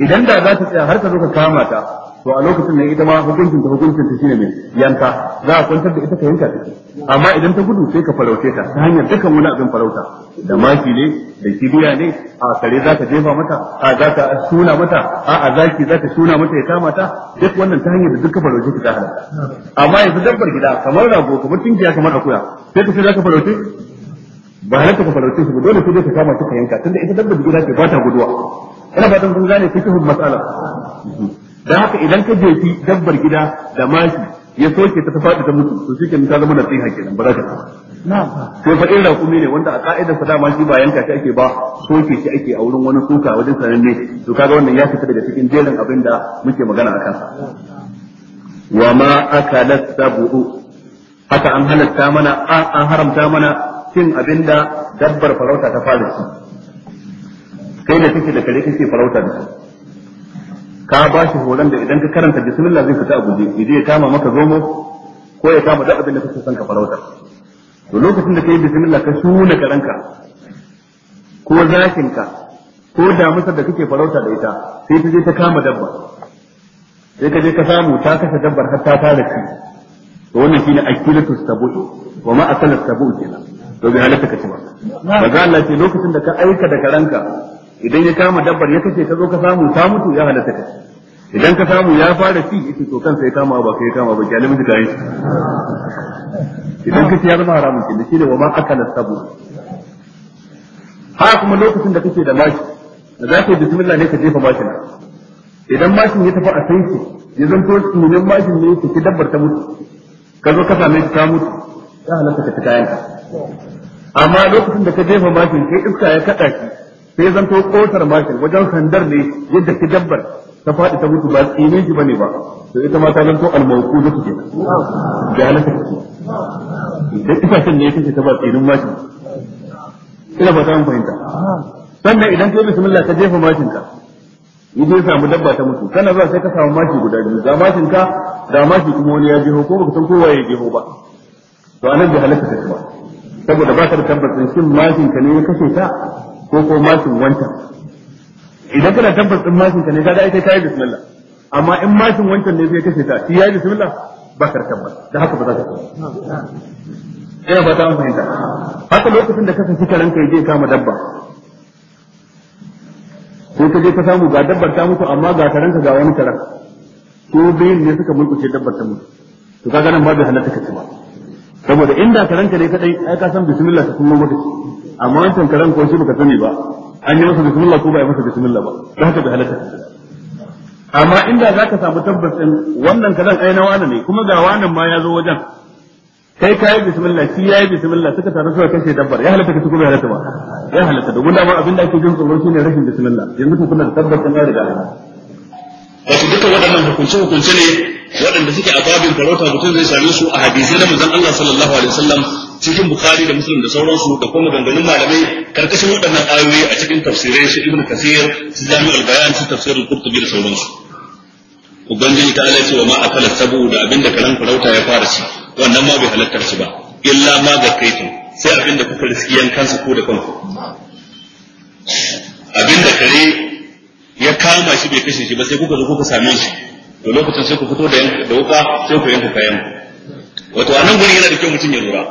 idan da za ta tsaya har ka zo ka kama ta to a lokacin ya ita ma hukuncin ta hukuncin ta shine mai yanka za a kwantar da ita ka yanka take amma idan ta gudu sai ka farauce ta ta hanyar dukkan wani abin farauta da maki ne da kibiya ne a kare za ka jefa mata a za ka suna mata a a zaki za ka suna mata ya kama ta duk wannan ta hanyar da duka farauce ta halatta amma yanzu dabbar gida kamar rago kamar tinkiya kamar akuya sai ka sai za ka farauce ba har ka farauce su ba dole sai dai ka kama ta ka yanka tunda ita dabbar gida ce ba ta guduwa ina fatan kun gane fikihun mas'ala da haka idan ka jefi dabbar gida da mashi ya soke ta faɗi ta mutu to shike ta zama nasiha kenan ba za ka sai fa irin rakumi ne wanda a ka'idar sa dama shi ba yanka shi ake ba soke shi ake a wurin wani suka wajen sananne to kaga wannan ya fita daga cikin jerin abin da muke magana a kansa wa ma akalat sabu haka an halatta mana an haramta mana cin abinda dabbar farauta ta fara ci kai da take da kare kake farauta da shi ka ba shi horon da idan ka karanta bismillah zai fita a guje idan ya kama maka zomo ko ya kama duk abin da kake son ka farauta to lokacin da kai bismillah ka shuna karanka ko zakin ka, ko damusar da kake farauta da ita sai ta je ta kama dabba sai ka je ka samu ta kasa dabbar har ta tara ci to wannan shine akilatu sabu'i wa ma akala sabu'i kenan to bi halaka ka ci ba maza Allah ce lokacin da ka aika da karanka idan ya kama dabbar ya kace ka zo ka samu ta mutu ya halatta ka idan ka samu ya fara ci ita to kansa ya kama ba kai ya kama ba kyale da kai idan kace ya zama haramun ki shi ne wa ma akala sabu ha kuma lokacin da kake da mashi da za ka yi bismillah ne ka jefa mashin idan mashin ya tafi a sanki ya zanto tunan mashin ne ki dabbar ta mutu ka zo ka same ta mutu ya halatta ka ta kayanka amma lokacin da ka jefa mashin sai iska ya kada shi sai zan to kotar mashin wajen sandar ne yadda ta dabbar ta faɗi ta mutu ba tsinin shi bane ba to ita ma ta to almauku da take da halaka take idan itacen ne kike ta ba tsinin mashin ina ba ta fahimta sannan idan kai bismillah ka jefa mashin ka in dai samu dabba ta mutu kana zuwa sai ka samu mashi guda biyu ga mashin ka ga mashi kuma wani ya jeho ko baka san kowa ya jeho ba to anan bai halaka ta ba saboda ba ka da tabbacin shin mashin ka ne ya kashe ta ko ko mashin wancan idan kana tabbas din mashin ka ne kaga ita kai bismillah amma in mashin wancan ne zai kace ta shi yayi bismillah ba ka tabbata da haka ba za ka ina ba ta fahimta haka lokacin da ka saki karanka yaje kama dabba ko ka je ka samu ga dabbar ta mutu amma ga karanka ga wani karan ko bayin ne suka mulkuce dabbar ta mutu to kaga nan ba bai halatta ka ci ba saboda inda karanka ne kadai ai ka san bismillah ka kuma mutu amma wancan karen ko shi baka sani ba an yi masa bismillah ko ba yi masa bismillah ba da haka bai halatta amma inda za ka samu tabbas din wannan karen ai na wani ne kuma ga wanan ma ya zo wajen kai kayi bismillah shi yayi bismillah suka taru suka kashe dabbar ya halatta kace kuma ya halatta ba ya halatta domin dama abin da ake jin tsoro shine rashin bismillah yanzu ku kuna tabbas din ya riga wato duka waɗannan hukunce hukunce ne waɗanda suke a babin farauta mutum zai same su a hadisai na manzon Allah sallallahu alaihi wasallam cikin bukhari da muslim da sauransu da kuma maganganun malamai karkashin waɗannan ayoyi a cikin tafsirai shi Ibn kasir su jami'ul bayan su tafsirin qurtubi da sauransu ubangiji ta alaihi wa ma akala sabu da abinda karan farauta ya fara ci wannan ma bai halattar shi ba illa ma ga zakaitu sai abinda kuka riski kansu ko da kanku abinda kare ya kama shi bai kashe shi ba sai kuka zo kuka same shi da lokacin sai ku fito da wuka sai ku yanka kayan wato a nan gurin yana da kyau mutum ya lura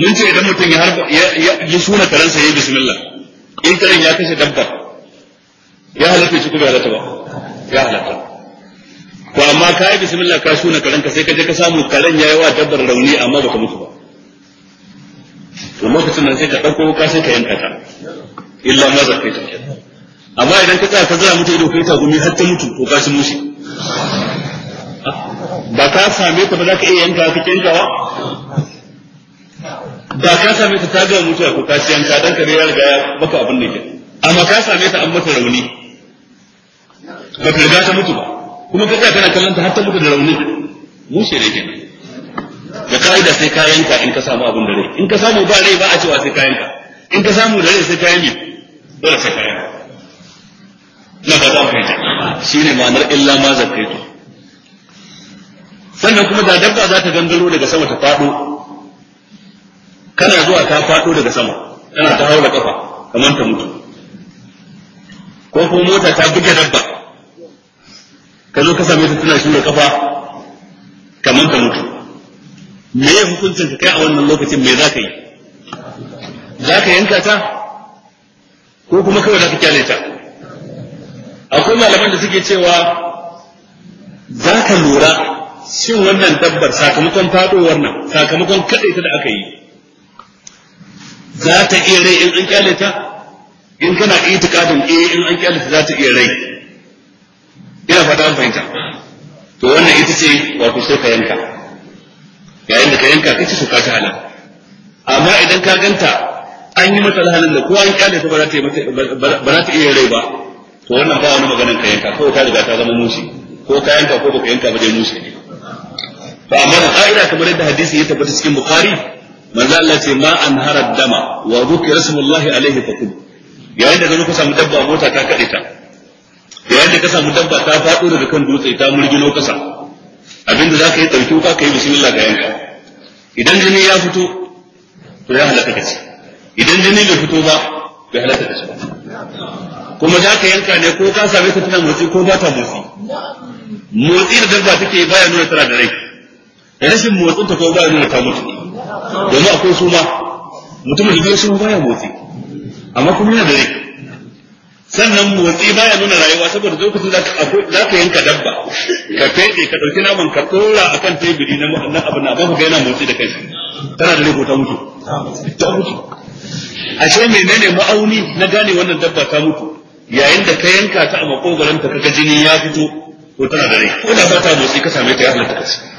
mun ce idan mutum ya yi suna karansa ya yi bismillah in karen ya kashe dabba ya halatta shi ko bai halatta ba ya halatta ko amma ka yi bismillah ka suna karanka sai ka je ka samu karen ya yi wa dabbar rauni amma ba ka mutu ba to lokacin nan sai ka ɗauko ka sai ka yanka ta illa ma za ka yi amma idan ka tsaya ka zara mutu ido kai ta gumi har ta mutu ko ka shi mushi ba ka same ta ba za ka iya yanka ka yankawa da ka same ta ta ga mutuwa ko ka ciyanka danka ne ya riga baka abin da ke amma ka same ta an mata rauni ba ta riga ta mutu ba kuma ka kana kallon ta har ta mutu da rauni mushe ne kenan da ka'ida sai ka yanka in ka samu abin da rai in ka samu ba rai ba a cewa sai ka yanka in ka samu da rai sai ka ne. dole sai ka yanka na ba za mu kai shi ne ma'anar illa ma zakaitu sannan kuma da dabba za ta gangaro daga sama ta faɗo kana zuwa ta faɗo daga sama tana ta haura kafa kamar ta mutu ko kuma mota ta buge dabba ka zo ka same ta tana shura kafa kamar ta mutu me ya hukuncin ka kai a wannan lokacin me za ka yi za ka yanka ta ko kuma kawai za ka kyale ta akwai malaman da suke cewa za ka lura shin wannan dabbar sakamakon fadowar nan sakamakon kaɗaita da aka yi za ta iya rai in an kyale ta in kana itikadin eh in an kyale ta za ta iya rai ina fata an fahimta to wannan ita ce ku sai ka yanka yayin da ka yanka ka ci ka ta hala. amma idan ka ganta an yi mata halal da ko an kyale ta ba za ta ba za ta iya rai ba to wannan ba wani maganar ka yanka kawai ta riga ta zama mushi ko ka yanka ko baka yanka ba dai mushi ne amma da ka'ida kamar yadda hadisi ya tabbata cikin bukhari manzo Allah ce ma an harad dama wa zukira rasulullahi alaihi fakul yayin da zaka samu dabba mota ta kade ta yayin da ka samu dabba ta fado daga kan dutse ta murgino kasa abinda zaka yi dauki ka kai bismillah ga yanka idan jini ya fito to ya halaka kace idan jini bai fito ba bai halaka kace ba kuma za ka yanka ne ko ka same ka tana motsi ko ba ta motsi motsi da dabba take baya nuna tana da rai rashin motsin ta ko baya nuna ta mutu Yanzu akwai suma mutum da ya suma baya motsi amma kuma yana da rai sannan motsi baya nuna rayuwa saboda lokacin da za ka yanka dabba ka fede ka dauki naman ka tsora akan tebiri na na abu na ba ka yana motsi da kai tana da rai ko ta mutu ta mutu ashe menene ma'auni na gane wannan dabba ta mutu yayin da ka yanka ta a makogaranta ga jini ya fito ko tana da rai ko da ba ta motsi ka same ta ya halatta kaci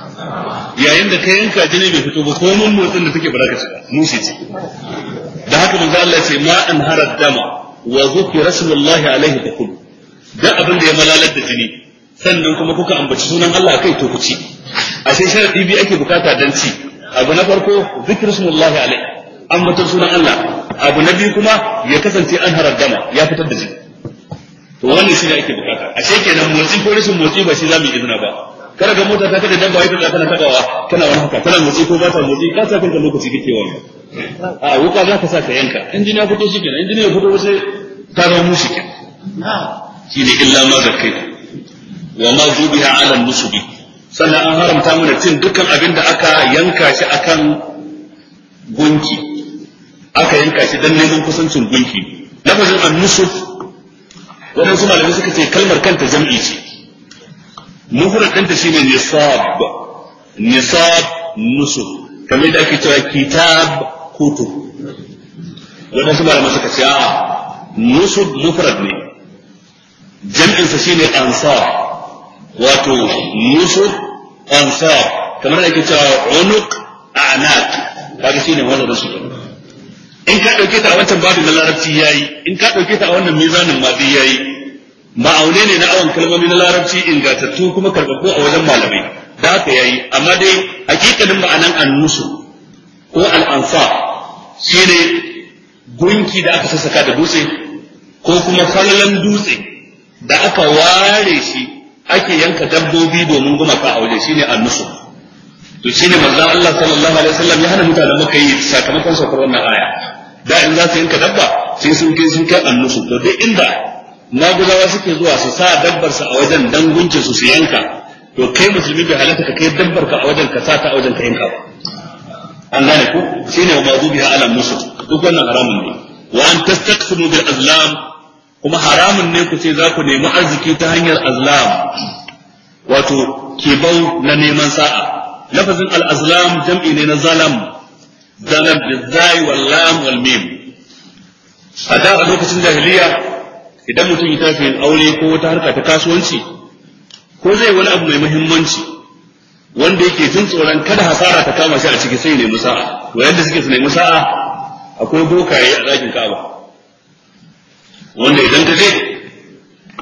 yayin da ka yanka jini bai fito ba ko mun motsin da take ba za ka ci ba ce da haka manzo Allah ce ma an harar dama wa zuki rasulullahi alaihi kullu da abin da ya malalar da jini sannan kuma kuka ambaci sunan Allah kai to ku ci ashe sharadi bi ake bukata dan ci abu na farko zikr rasulullahi alaihi ambata sunan Allah abu na biyu kuma ya kasance an harar dama ya fitar da jini to wannan shi ne ake bukata ashe kenan motsi ko rashin motsi ba shi za mu yi izina ba kada ga mota ta kada dabba ita tana tagawa tana wani haka tana motsi ko ba ta motsi ka sa kanka lokaci kike wani a wuka za ka sa ka yanka injiniya fito shi kenan injiniya fito sai ta ga mu Shi ne illa ma zakai wa ma zubiha ala musubi sannan an haramta mana cin dukkan abin da aka yanka shi akan gunki aka yanka shi dan neman kusancin gunki lafazin an wannan wadansu malamai suka ce kalmar kanta jam'i ce mufrad shi shine nisab nisab nusub kamar da ake cewa kitab kutub su malaman suka ce a nusub mufrad ne jam'insa shine ansar wato nusub ansar kamar da ake cewa unuq a'naq kaga shine wannan rasul in ka dauke ta a wancan babin na larabci yayi in ka dauke ta a wannan mizanin ma yayi ma'aune ne na awon kalmomi na larabci ingantattu kuma karbabu a wajen malamai da haka yayi amma dai hakikalin ma'anan annusu ko al'ansa shine gunki da aka sassaka da dutse ko kuma falalan dutse da aka ware shi ake yanka dabbobi domin gumaka a waje shine annusu to shine maza Allah sallallahu alaihi wasallam ya hana mutanen Makka yi sakamakon saukar wannan aya da in za su yanka dabba sai sun kai sun kai annusu to dai inda maguzawa suke zuwa su sa dabbar su a wajen dan gunce su su yanka to kai musulmi bai halatta ka kai dabbar a wajen ka sa ta a wajen ka yanka ba an gane ko shine wa mazubiha ala musul duk wannan haramun ne wa an tastaqsimu bil azlam kuma haramun ne ku ce za ku nemi arziki ta hanyar azlam wato kibau na neman sa'a lafazin al-azlam jam'i ne na zalam zalam bil zai wal lam wal mim a da a lokacin jahiliya idan mutum ya tafi yin aure ko wata harka ta kasuwanci ko zai wani abu mai muhimmanci wanda yake jin tsoron kada hasara ta kama shi a ciki sai ne musa'a to yadda suke su ne akwai bokaye a ɗakin kaba. wanda idan ka je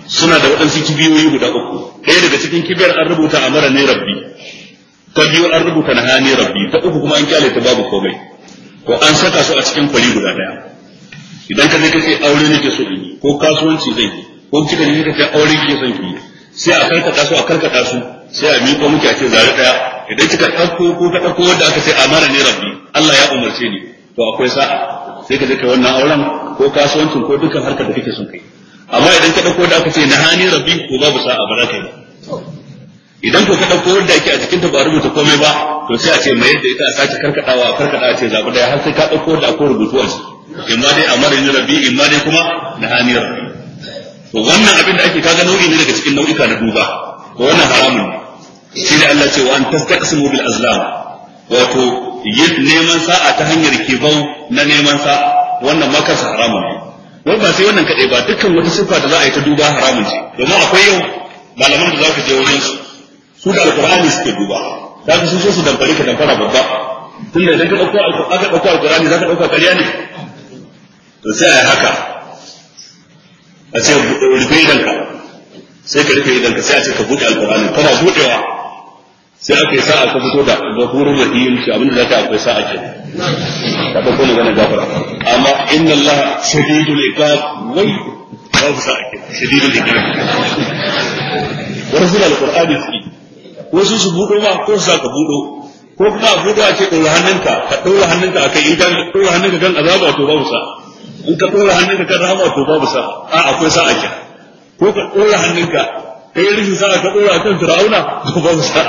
suna da waɗansu kibiyoyi guda uku ɗaya daga cikin kibiyar an rubuta a mara ne rabbi ta biyu an rubuta na hani rabbi ta uku kuma an kyale ta babu komai ko an saka su a cikin kwali guda ɗaya idan ka kake ka ce aure nake so in yi ko kasuwanci zai yi ko kika ne kake aure ke son ki sai a karkata su a karkata su sai a miƙo muke a ce zare ɗaya idan kika ɗauko ko ka ɗauko wanda aka ce amara ne rabbi Allah ya umarce ni to akwai sa'a sai ka je kai wannan auren ko kasuwancin ko dukkan harkar da kake son kai amma idan ka ɗauko da aka ce na hani rabbi to babu sa'a ba za ka yi idan ko ka ɗauko wanda ake a cikin ta ba rubuta komai ba to sai a ce mai yadda ita a sace karkatawa a karkata a ce zaɓi ɗaya har sai ka ɗauko da akwai rubutu a ciki imma dai a ni rabbi imma dai kuma na hani to wannan abin da ake ga nau'i ne daga cikin nau'ika na duba to wannan haramun shi da Allah ce wa an tastaqsimu bil azlam wato neman sa'a ta hanyar kibau na neman sa'a wannan ma kansa haramun ne wai ba sai wannan kadai ba dukkan wata siffa da za a yi ta duba haramun ce domin akwai yau malaman da za ka je wajen su su da alqur'ani suke duba za ka so su damfari ka damfara babba tunda idan ka dauko alqur'ani za ka dauka karya ne to sai a yi haka a ce rufe idanka sai ka rufe idanka sai a ce ka buɗe alƙur'ani kana buɗewa sai aka yi sa'a ka fito da gafurur rahim shi abinda za zaka akwai sa'a ke. ka ɗauko ko magana gafara amma inna allah shadidul iqab wai ba ku sa'a ke shadidul iqab wasu da alƙur'ani su wasu su buɗo ba ko su ka buɗo ko kuma a buɗo a ce ɗora hannunka ka ɗora hannunka a kai in ka ɗora hannunka kan azaba to ba ku sa'a in ka ɗora hannunka kan rama to babu sa a akwai sa a kira ko ka ɗora hannunka kai rishin sa'a ka ɗora kan fir'auna to babu sa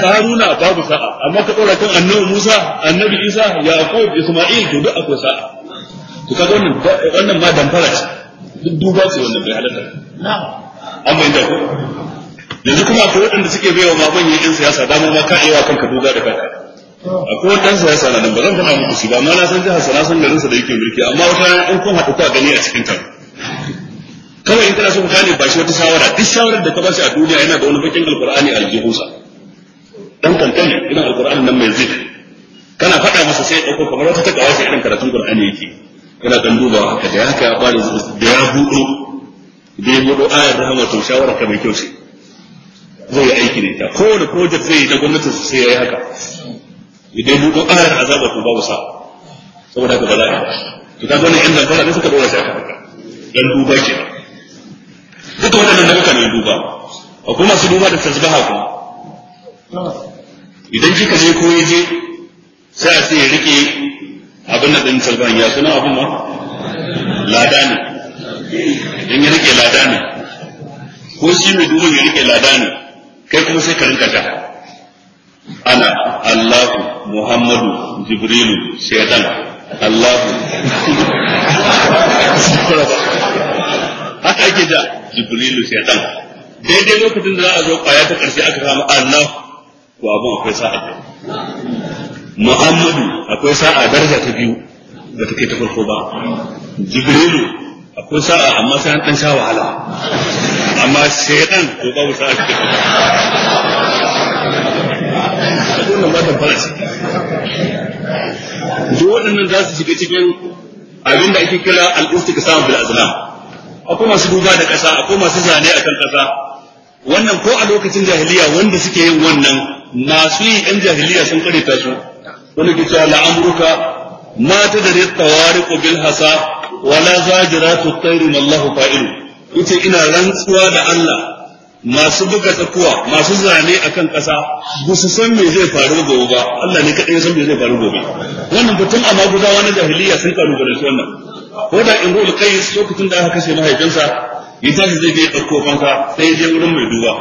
karuna babu sa'a amma ka ɗora kan annabi musa annabi isa yaqub isma'il to duk akwai sa'a to kaga wannan wannan ma damfara ce duk duba ce wannan bai halatta amma inda ko yanzu kuma akwai waɗanda suke baiwa mamanyan 'yan siyasa dama ma ka iya kanka duba da kanka akwai dan sa yasa nan ba zan faɗa muku shi ba amma na san jihar sana san sa da yake mulki amma wata ran an kun haɗu ku a gani a cikin ta kawai in kana so ka ne ba shi wata shawara duk shawarar da ka ba shi a duniya yana da wani bakin alqur'ani aljihunsa dan kankani irin alqur'ani nan mai zikri kana faɗa masa sai ɗauko kamar wata ta kawo shi irin karatun qur'ani yake kana dan duba haka da haka ya bada da ya buɗo da ya buɗo ayar rahama to shawara ka mai kyau ce zai yi aiki da ita kowane project zai yi na gwamnatin sai ya yi haka idan mun ko ƙarar azaba to babu sa saboda haka ba za a yi to ka gane yan zamfara ne suka dora shi aka haka dan duba ke duka waɗannan nau'uka ne duba akwai masu duba da tasbaha kuma idan kika je ko ya je sai a ce ya rike abin da ɗin talban ya suna abin ma lada ne idan ya rike lada ne ko shi mai duban ya rike lada ne kai kuma sai ka rinka ta ana Allahu Muhammadu Jibrilu shaitan Allahu haka ake da Jibrilu shaitan daidai lokacin da za a zo kwaya ta karshe aka samu Allah to abu akwai sa'a da Muhammadu akwai sa'a daraja ta biyu da ta kai ta farko ba Jibrilu akwai sa'a amma sai an dan sha wahala amma shaitan to babu sa'a ta wannan ba duk waɗannan za su shiga cikin abin da ake kira al ka bil azlam akwai masu duba da ƙasa akwai masu zane a kan ƙasa wannan ko a lokacin jahiliya wanda suke yin wannan masu yi yan jahiliya sun karita su wani ke cewa la'amuruka ma rita wari bil hasa wala zajiratu tayri mallahu fa'ilu Ita ina rantsuwa da Allah masu buga tsakuwa masu zane kan ƙasa ba su san me zai faru gobe ba Allah ne kaɗai san me zai faru gobe wannan batun amma gudawa na jahiliya sun karu da su wannan ko da in rul qais lokacin da aka kashe mahaifinsa ya tashi zai je ɗauko fanka sai je wurin mai duba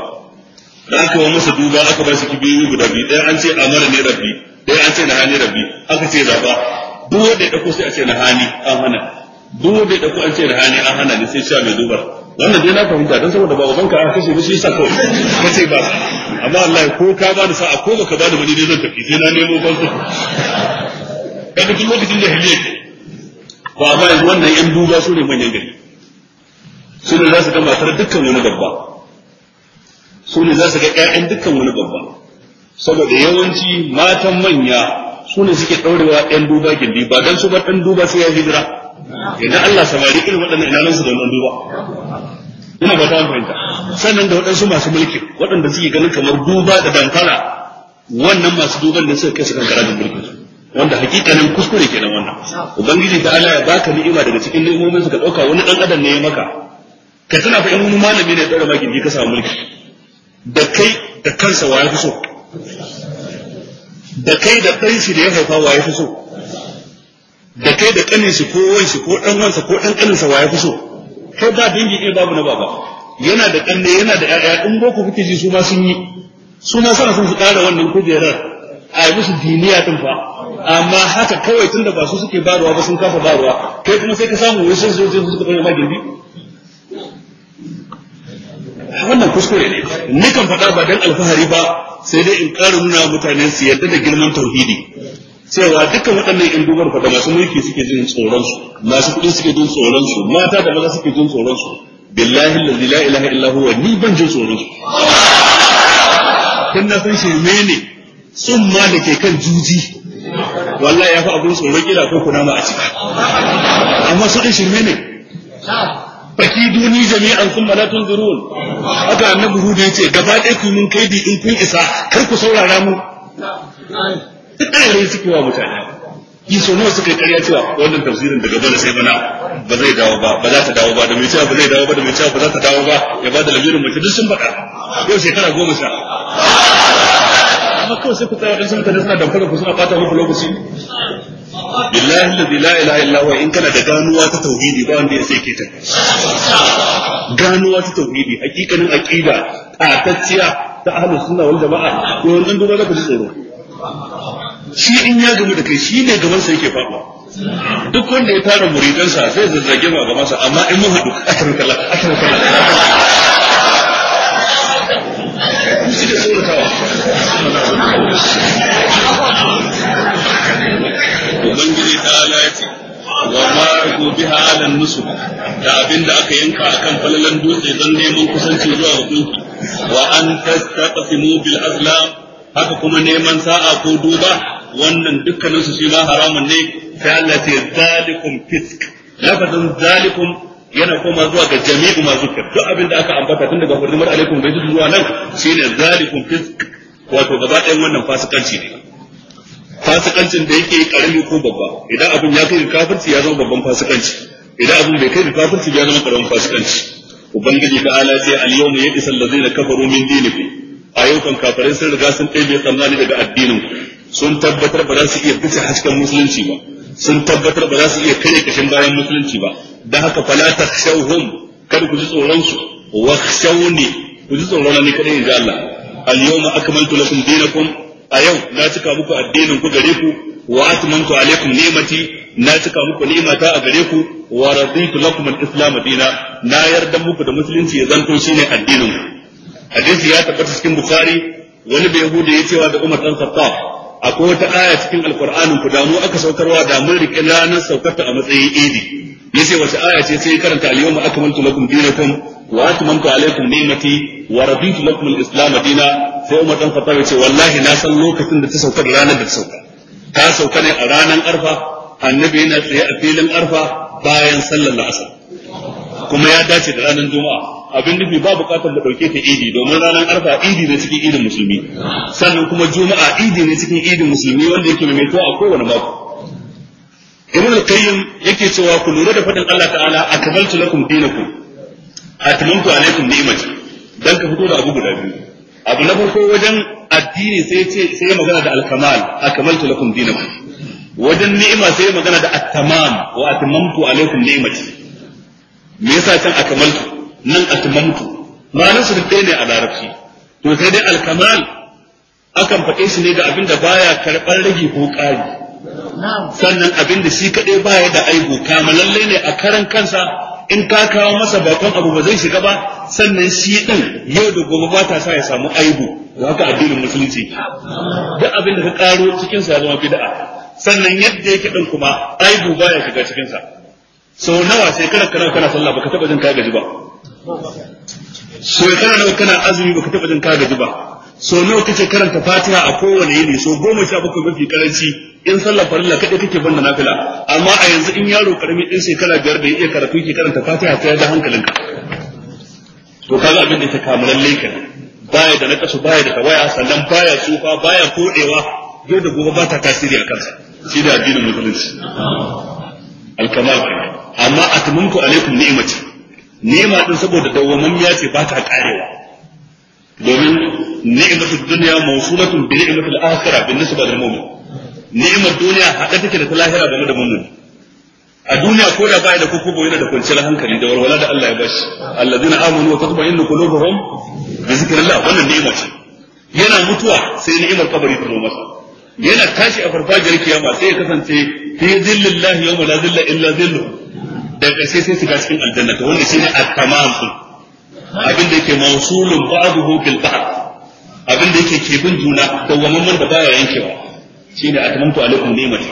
da aka yi masa duba aka ba shi kibiyoyi guda biyu ɗaya an ce amara ne rabbi ɗaya an ce na hani rabbi aka ce zaba duk wanda ya ɗauko sai a ce na hani an hana duk wanda ya ɗauko an ce na hani an hana ne sai sha mai dubar wannan dai na fahimta don saboda baba banka aka kashe shi sa kawai ba sai ba amma Allah ko ka ba da sa'a ko baka ba da bani dai zan tafi sai na nemo fansu kada kin lokacin da hiliya ke ko amma yanzu wannan yan duba su ne manyan gari su ne za su ga matar dukkan wani babba su ne za su ga ƴaƴan dukkan wani babba saboda yawanci matan manya su ne suke ɗaurewa ɗan duba gindi ba don su ba ɗan duba sai ya hijira idan Allah samari irin waɗannan ina nan su da wannan duba ina ba ta fahimta sannan da waɗansu masu mulki waɗanda suke ganin kamar duba da damfara wannan masu duban da suka kai su kankara da mulkin su wanda hakikanin kuskure kenan wannan ubangiji ta Allah ya baka ni'ima daga cikin neman su ka dauka wani dan adam ne ya maka ka tana fa in wani malami ne ya dora maki ka samu mulki da kai da kansa wa fi so da kai da ɗan shi da ya haifa wa ya fi so da kai da kanin shi ko wan shi ko dan wansa ko dan sa waye fi so kai ba dangi ne babu na baba yana da kanne yana da 'ya'ya in boko kuke ji su ma sun yi su ma sana son su ƙara wannan kujerar a yi musu diniya din fa amma haka kawai tunda ba su suke barwa ba sun kafa barwa kai kuma sai ka samu wani su je su suka ma magirbi wannan kuskure ne nikan faɗa ba dan alfahari ba sai dai in ƙara nuna mutanen su yadda da girman tauhidi cewa dukkan waɗannan yan dubar fa da masu mulki suke jin tsoron su masu kuɗi suke jin tsoron su mata da maza suke jin tsoron su billahi allazi la ilaha illa huwa ni ban jin tsoron su kun na san shi mene tsumma da ke kan juji wallahi ya fi abun tsoron kila ko kuna ma a ciki amma su ɗin shirme ne baki duni jami'an sun mala tunzirun haka annabi hudu ya ce gaba ɗaya ku mun kaidi in kun isa kar ku saurara mu duk ɗalibai suke wa mutane yi so nawa suka yi ƙarya cewa wannan tafsirin daga bala sai bana ba zai dawo ba ba za ta dawo ba da mai cewa ba zai dawo ba da mai cewa ba za ta dawo ba ya ba da lamirin mace duk sun faɗa yau shekara goma sha amma kawai sai ku tsaya sun mutane suna damfara ku suna ɓata muku lokaci billahi alladhi la ilaha illa huwa in kana da ganuwa ta tauhidi ba wanda ya sai ke ta ganuwa ta tauhidi hakikanin aqida tatacciya ta ahlus sunna wal jamaa to wannan duba zaka ji tsoro shi in ya gamu da kai shi ne gaban sa yake faɗuwa duk wanda ya tara muridansa zai zazzage ma gabansa amma in mun haɗu a tarkala a tarkala shi da sauratawa ubangiji ta lati wa ma gobe halan nusu da abin da aka yanka akan falalan dutse don neman kusanci zuwa hukunci wa an tastaqsimu bil azlam haka kuma neman sa'a ko duba wannan dukkanin su shi ma haramun ne sai Allah ce zalikum fisk lafazin zalikum yana koma zuwa ga jami'u ma kyau. duk abin da aka ambata tun daga hurmar alaikum bai zuwa nan shine zalikum fisk wato gaba ɗayan wannan fasikanci ne fasikancin da yake karami ko babba idan abin ya kai kafirci ya zama babban fasikanci idan abin bai kai kafirci ya zama karamin fasikanci ubangiji ta ala sai al yawma yadi sallazina kafaru min dinikum ayyukan kafirai sun riga sun tabe tsammani daga addinin ku sun tabbatar ba za su iya bisa hasken musulunci ba sun tabbatar ba za su iya kare kashin bayan musulunci ba da haka fala takhshawhum kar ku ji tsoron su wa khshawni ku ji tsoron ne kadai inji Allah al yawma akmaltu lakum dinakum a yau na cika muku addinin ku gare ku wa atmantu alaykum ni'mati na cika muku ni'mata a gare ku wa raditu lakum al-islam dina na yarda muku da musulunci ya zanto shine addinin ku hadisi ya tabbata cikin bukhari wani bai hude ya cewa da umar dan khattab akwai wata aya cikin alkur'anin ku damu aka saukarwa da mun rike ranar saukarta a matsayin idi yace wace aya ce sai karanta al-yawma akmaltu lakum dinakum wa atmamtu alaykum ni'mati wa raditu lakum al-islam dina sai Umar dan Khattab ce wallahi na san lokacin da ta sauka da ranar da ta sauka ta sauka ne a ranar arfa annabi yana tsaye a filin arfa bayan sallar asar kuma ya dace da ranar juma'a abin nufi ba bukatar da dauke ta idi domin ranar arfa idi ne cikin idin musulmi sannan kuma juma'a idi ne cikin idin musulmi wanda yake mai to a kowane mako ibn al-qayyim yake cewa ku lura da fadin Allah ta'ala akmaltu lakum dinakum atamantu alaykum ni'mati dan ka fito da abu guda biyu abu na farko wajen addini sai ce sai magana da al-kamal akmaltu lakum dinakum wajen ni'ima sai magana da at-tamam wa atamantu alaykum ni'mati me yasa can akamaltu nan atmamtu ma'anar su dai ne a larabci to sai dai alkamal akan faɗe shi ne da abin da baya karɓar rage ko ƙari sannan abin da shi kaɗai baya da aibu kamalalle ne a karan kansa in ka kawo masa bakon abu ba zai shiga ba sannan shi ɗin yau da gobe ba ta sa ya samu aibu da haka addinin musulunci duk abin da ka ƙaro cikinsa ya zama bid'a sannan yadda yake ɗin kuma aibu baya shiga cikinsa so nawa shekara kana kana sallah baka taba jin ka gaji ba shekara nawa kana azumi baka taba jin ka gaji ba so nawa kake karanta fatiha a kowane yini sau goma sha bakwai mafi karanci in sallar farilla kaɗai kake banda nafila amma a yanzu in yaro karami din shekara biyar da ya iya karatu ke karanta fatiha sai ya hankalinka to kaga abin da ke kamunan kenan baya da nakasu baya da kawaya, sannan baya tsufa baya koɗewa, yau da gobe ba ta tasiri a kansa shi da addinin musulunci alkamal amma tumunku alaikum ni'mati ni'ma din saboda ya ce ba ta karewa domin ni'matul dunya mawsulatun bi ni'matil akhirah bin nisba lil mu'min ni'mar duniya hada take da ta lahira game da mu'min a duniya ko da bai da kokobo yana da kwanciyar hankali da walwala da Allah ya bashi allazina amanu wa tatma'innu qulubuhum bi zikrillah wannan ni'ima ce yana mutuwa sai ni'imar kabari ta zo masa yana tashi a farfajiyar kiyama sai ya kasance fi zillillahi yawma la zilla illa zilluhu daga sai sai shiga cikin aljanna to wannan shine at-tamam abin da yake mawsulun ba'dahu bil ba'd abin da yake kebin juna dawwamamman da baya yankewa shine atmamtu alaikum ni'mati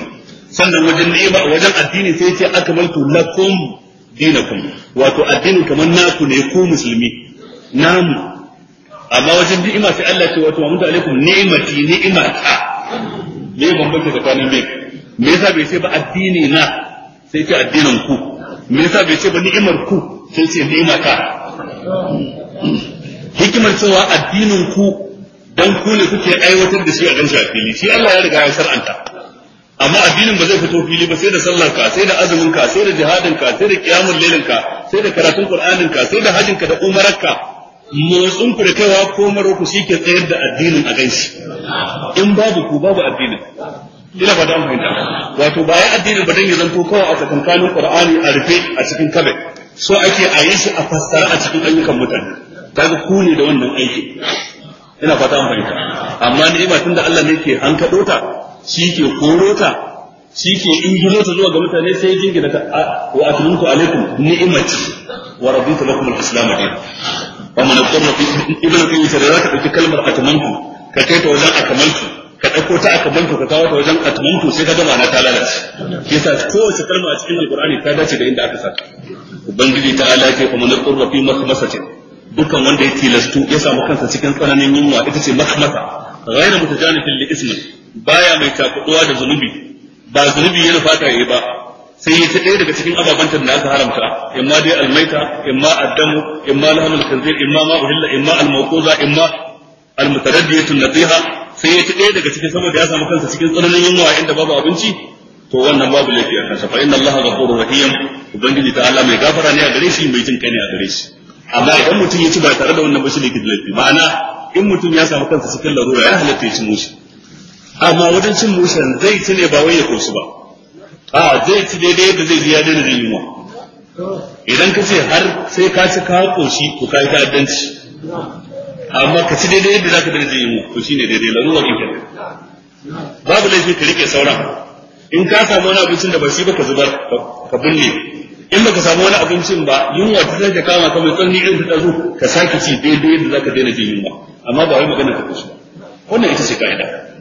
sannan wajen ni'ma wajen addini sai ce akmaltu lakum dinakum wato addini kamar naku ne ku musulmi namu amma wajen ni'ima sai Allah ce wato mamutu alaikum ni'mati ni'imata me bambanta tsakanin me me yasa bai sai ba addini na sai ce addinin ku me yasa bai ce ba ni'imar ku sai ce ni'ima ka hikimar cewa addinin ku dan ku ne kuke aiwatar da shi a ganshi a fili shi Allah ya riga ya shar'anta amma addinin ba zai fito fili ba sai da sallar ka sai da azumin ka sai da jihadin ka sai da kiyamul lailin ka sai da karatun qur'anin ka sai da hajin ka da umarar ka motsin ku da kaiwa ko maro ku shi ke tsayar da addinin a ganshi in babu ku babu addinin ina ba da fahimta wato ba ya addini ba dan yanzu zanto kawai a tsakankanin qur'ani a rufe a cikin kabe so ake a yi shi a fassara a cikin ayyukan mutane kaga ku ne da wannan aiki ina fata an fahimta amma ni'ima tunda Allah ne ke hankado ta shi ke koro ta shi ke injiro ta zuwa ga mutane sai ya jingina ta wa atminku alaikum ni'imati wa raditu lakum al-islam din wa man qurra fi ibn fi shari'a ka kalmar atmantu ka kai ta wajen atmantu ɗauko ta aka banka ka kawo ta wajen atmantu sai ka ga ma'ana ta lalace yasa kowace kalma a cikin alqur'ani ta dace da inda aka saka ubangiji ta ala ce kuma na qurra fi masmasatin dukkan wanda ya tilastu ya samu kansa cikin tsananin yunwa ita ce masmasa ghayra mutajanifin li ismi baya mai takuduwa da zunubi ba zunubi ya fata yayi ba sai ya ta daga cikin ababantar da aka haramta imma dai almaita imma addamu imma lahamul khanzir imma ma uhilla imma almawquza imma almutaraddiyatu natiha sai ya ci ɗaya daga cikin da ya samu kansa cikin tsananin yunwa inda babu abinci to wannan babu laifi a kansa fa inna allaha ghafurur rahim ubangiji ta Allah mai gafara ne a gare shi mai jin kai ne a gare shi amma idan mutum ya ci ba tare da wannan ba shi ne laifi ma'ana in mutum ya samu kansa cikin larura ya halatta ya ci mushi amma wajen cin mushin zai ci ne ba wai ya kosu ba a zai ci daidai yadda zai ji ya daina yi yunwa idan ka ce har sai ka ci ka koshi to ka yi ta'addanci amma ka ci daidai yadda zaka yi mu shi ne daidai larura din kenan babu laifi ka rike sauran in ka samu wani abincin da ba shi ba ka zubar ka binne in baka samu wani abincin ba yunwa ta ka kama ka mai tsanni irin ta tazo ka sake ci daidai yadda zaka daina yi yunwa amma ba wai magana ka kusa wannan ita ce kaida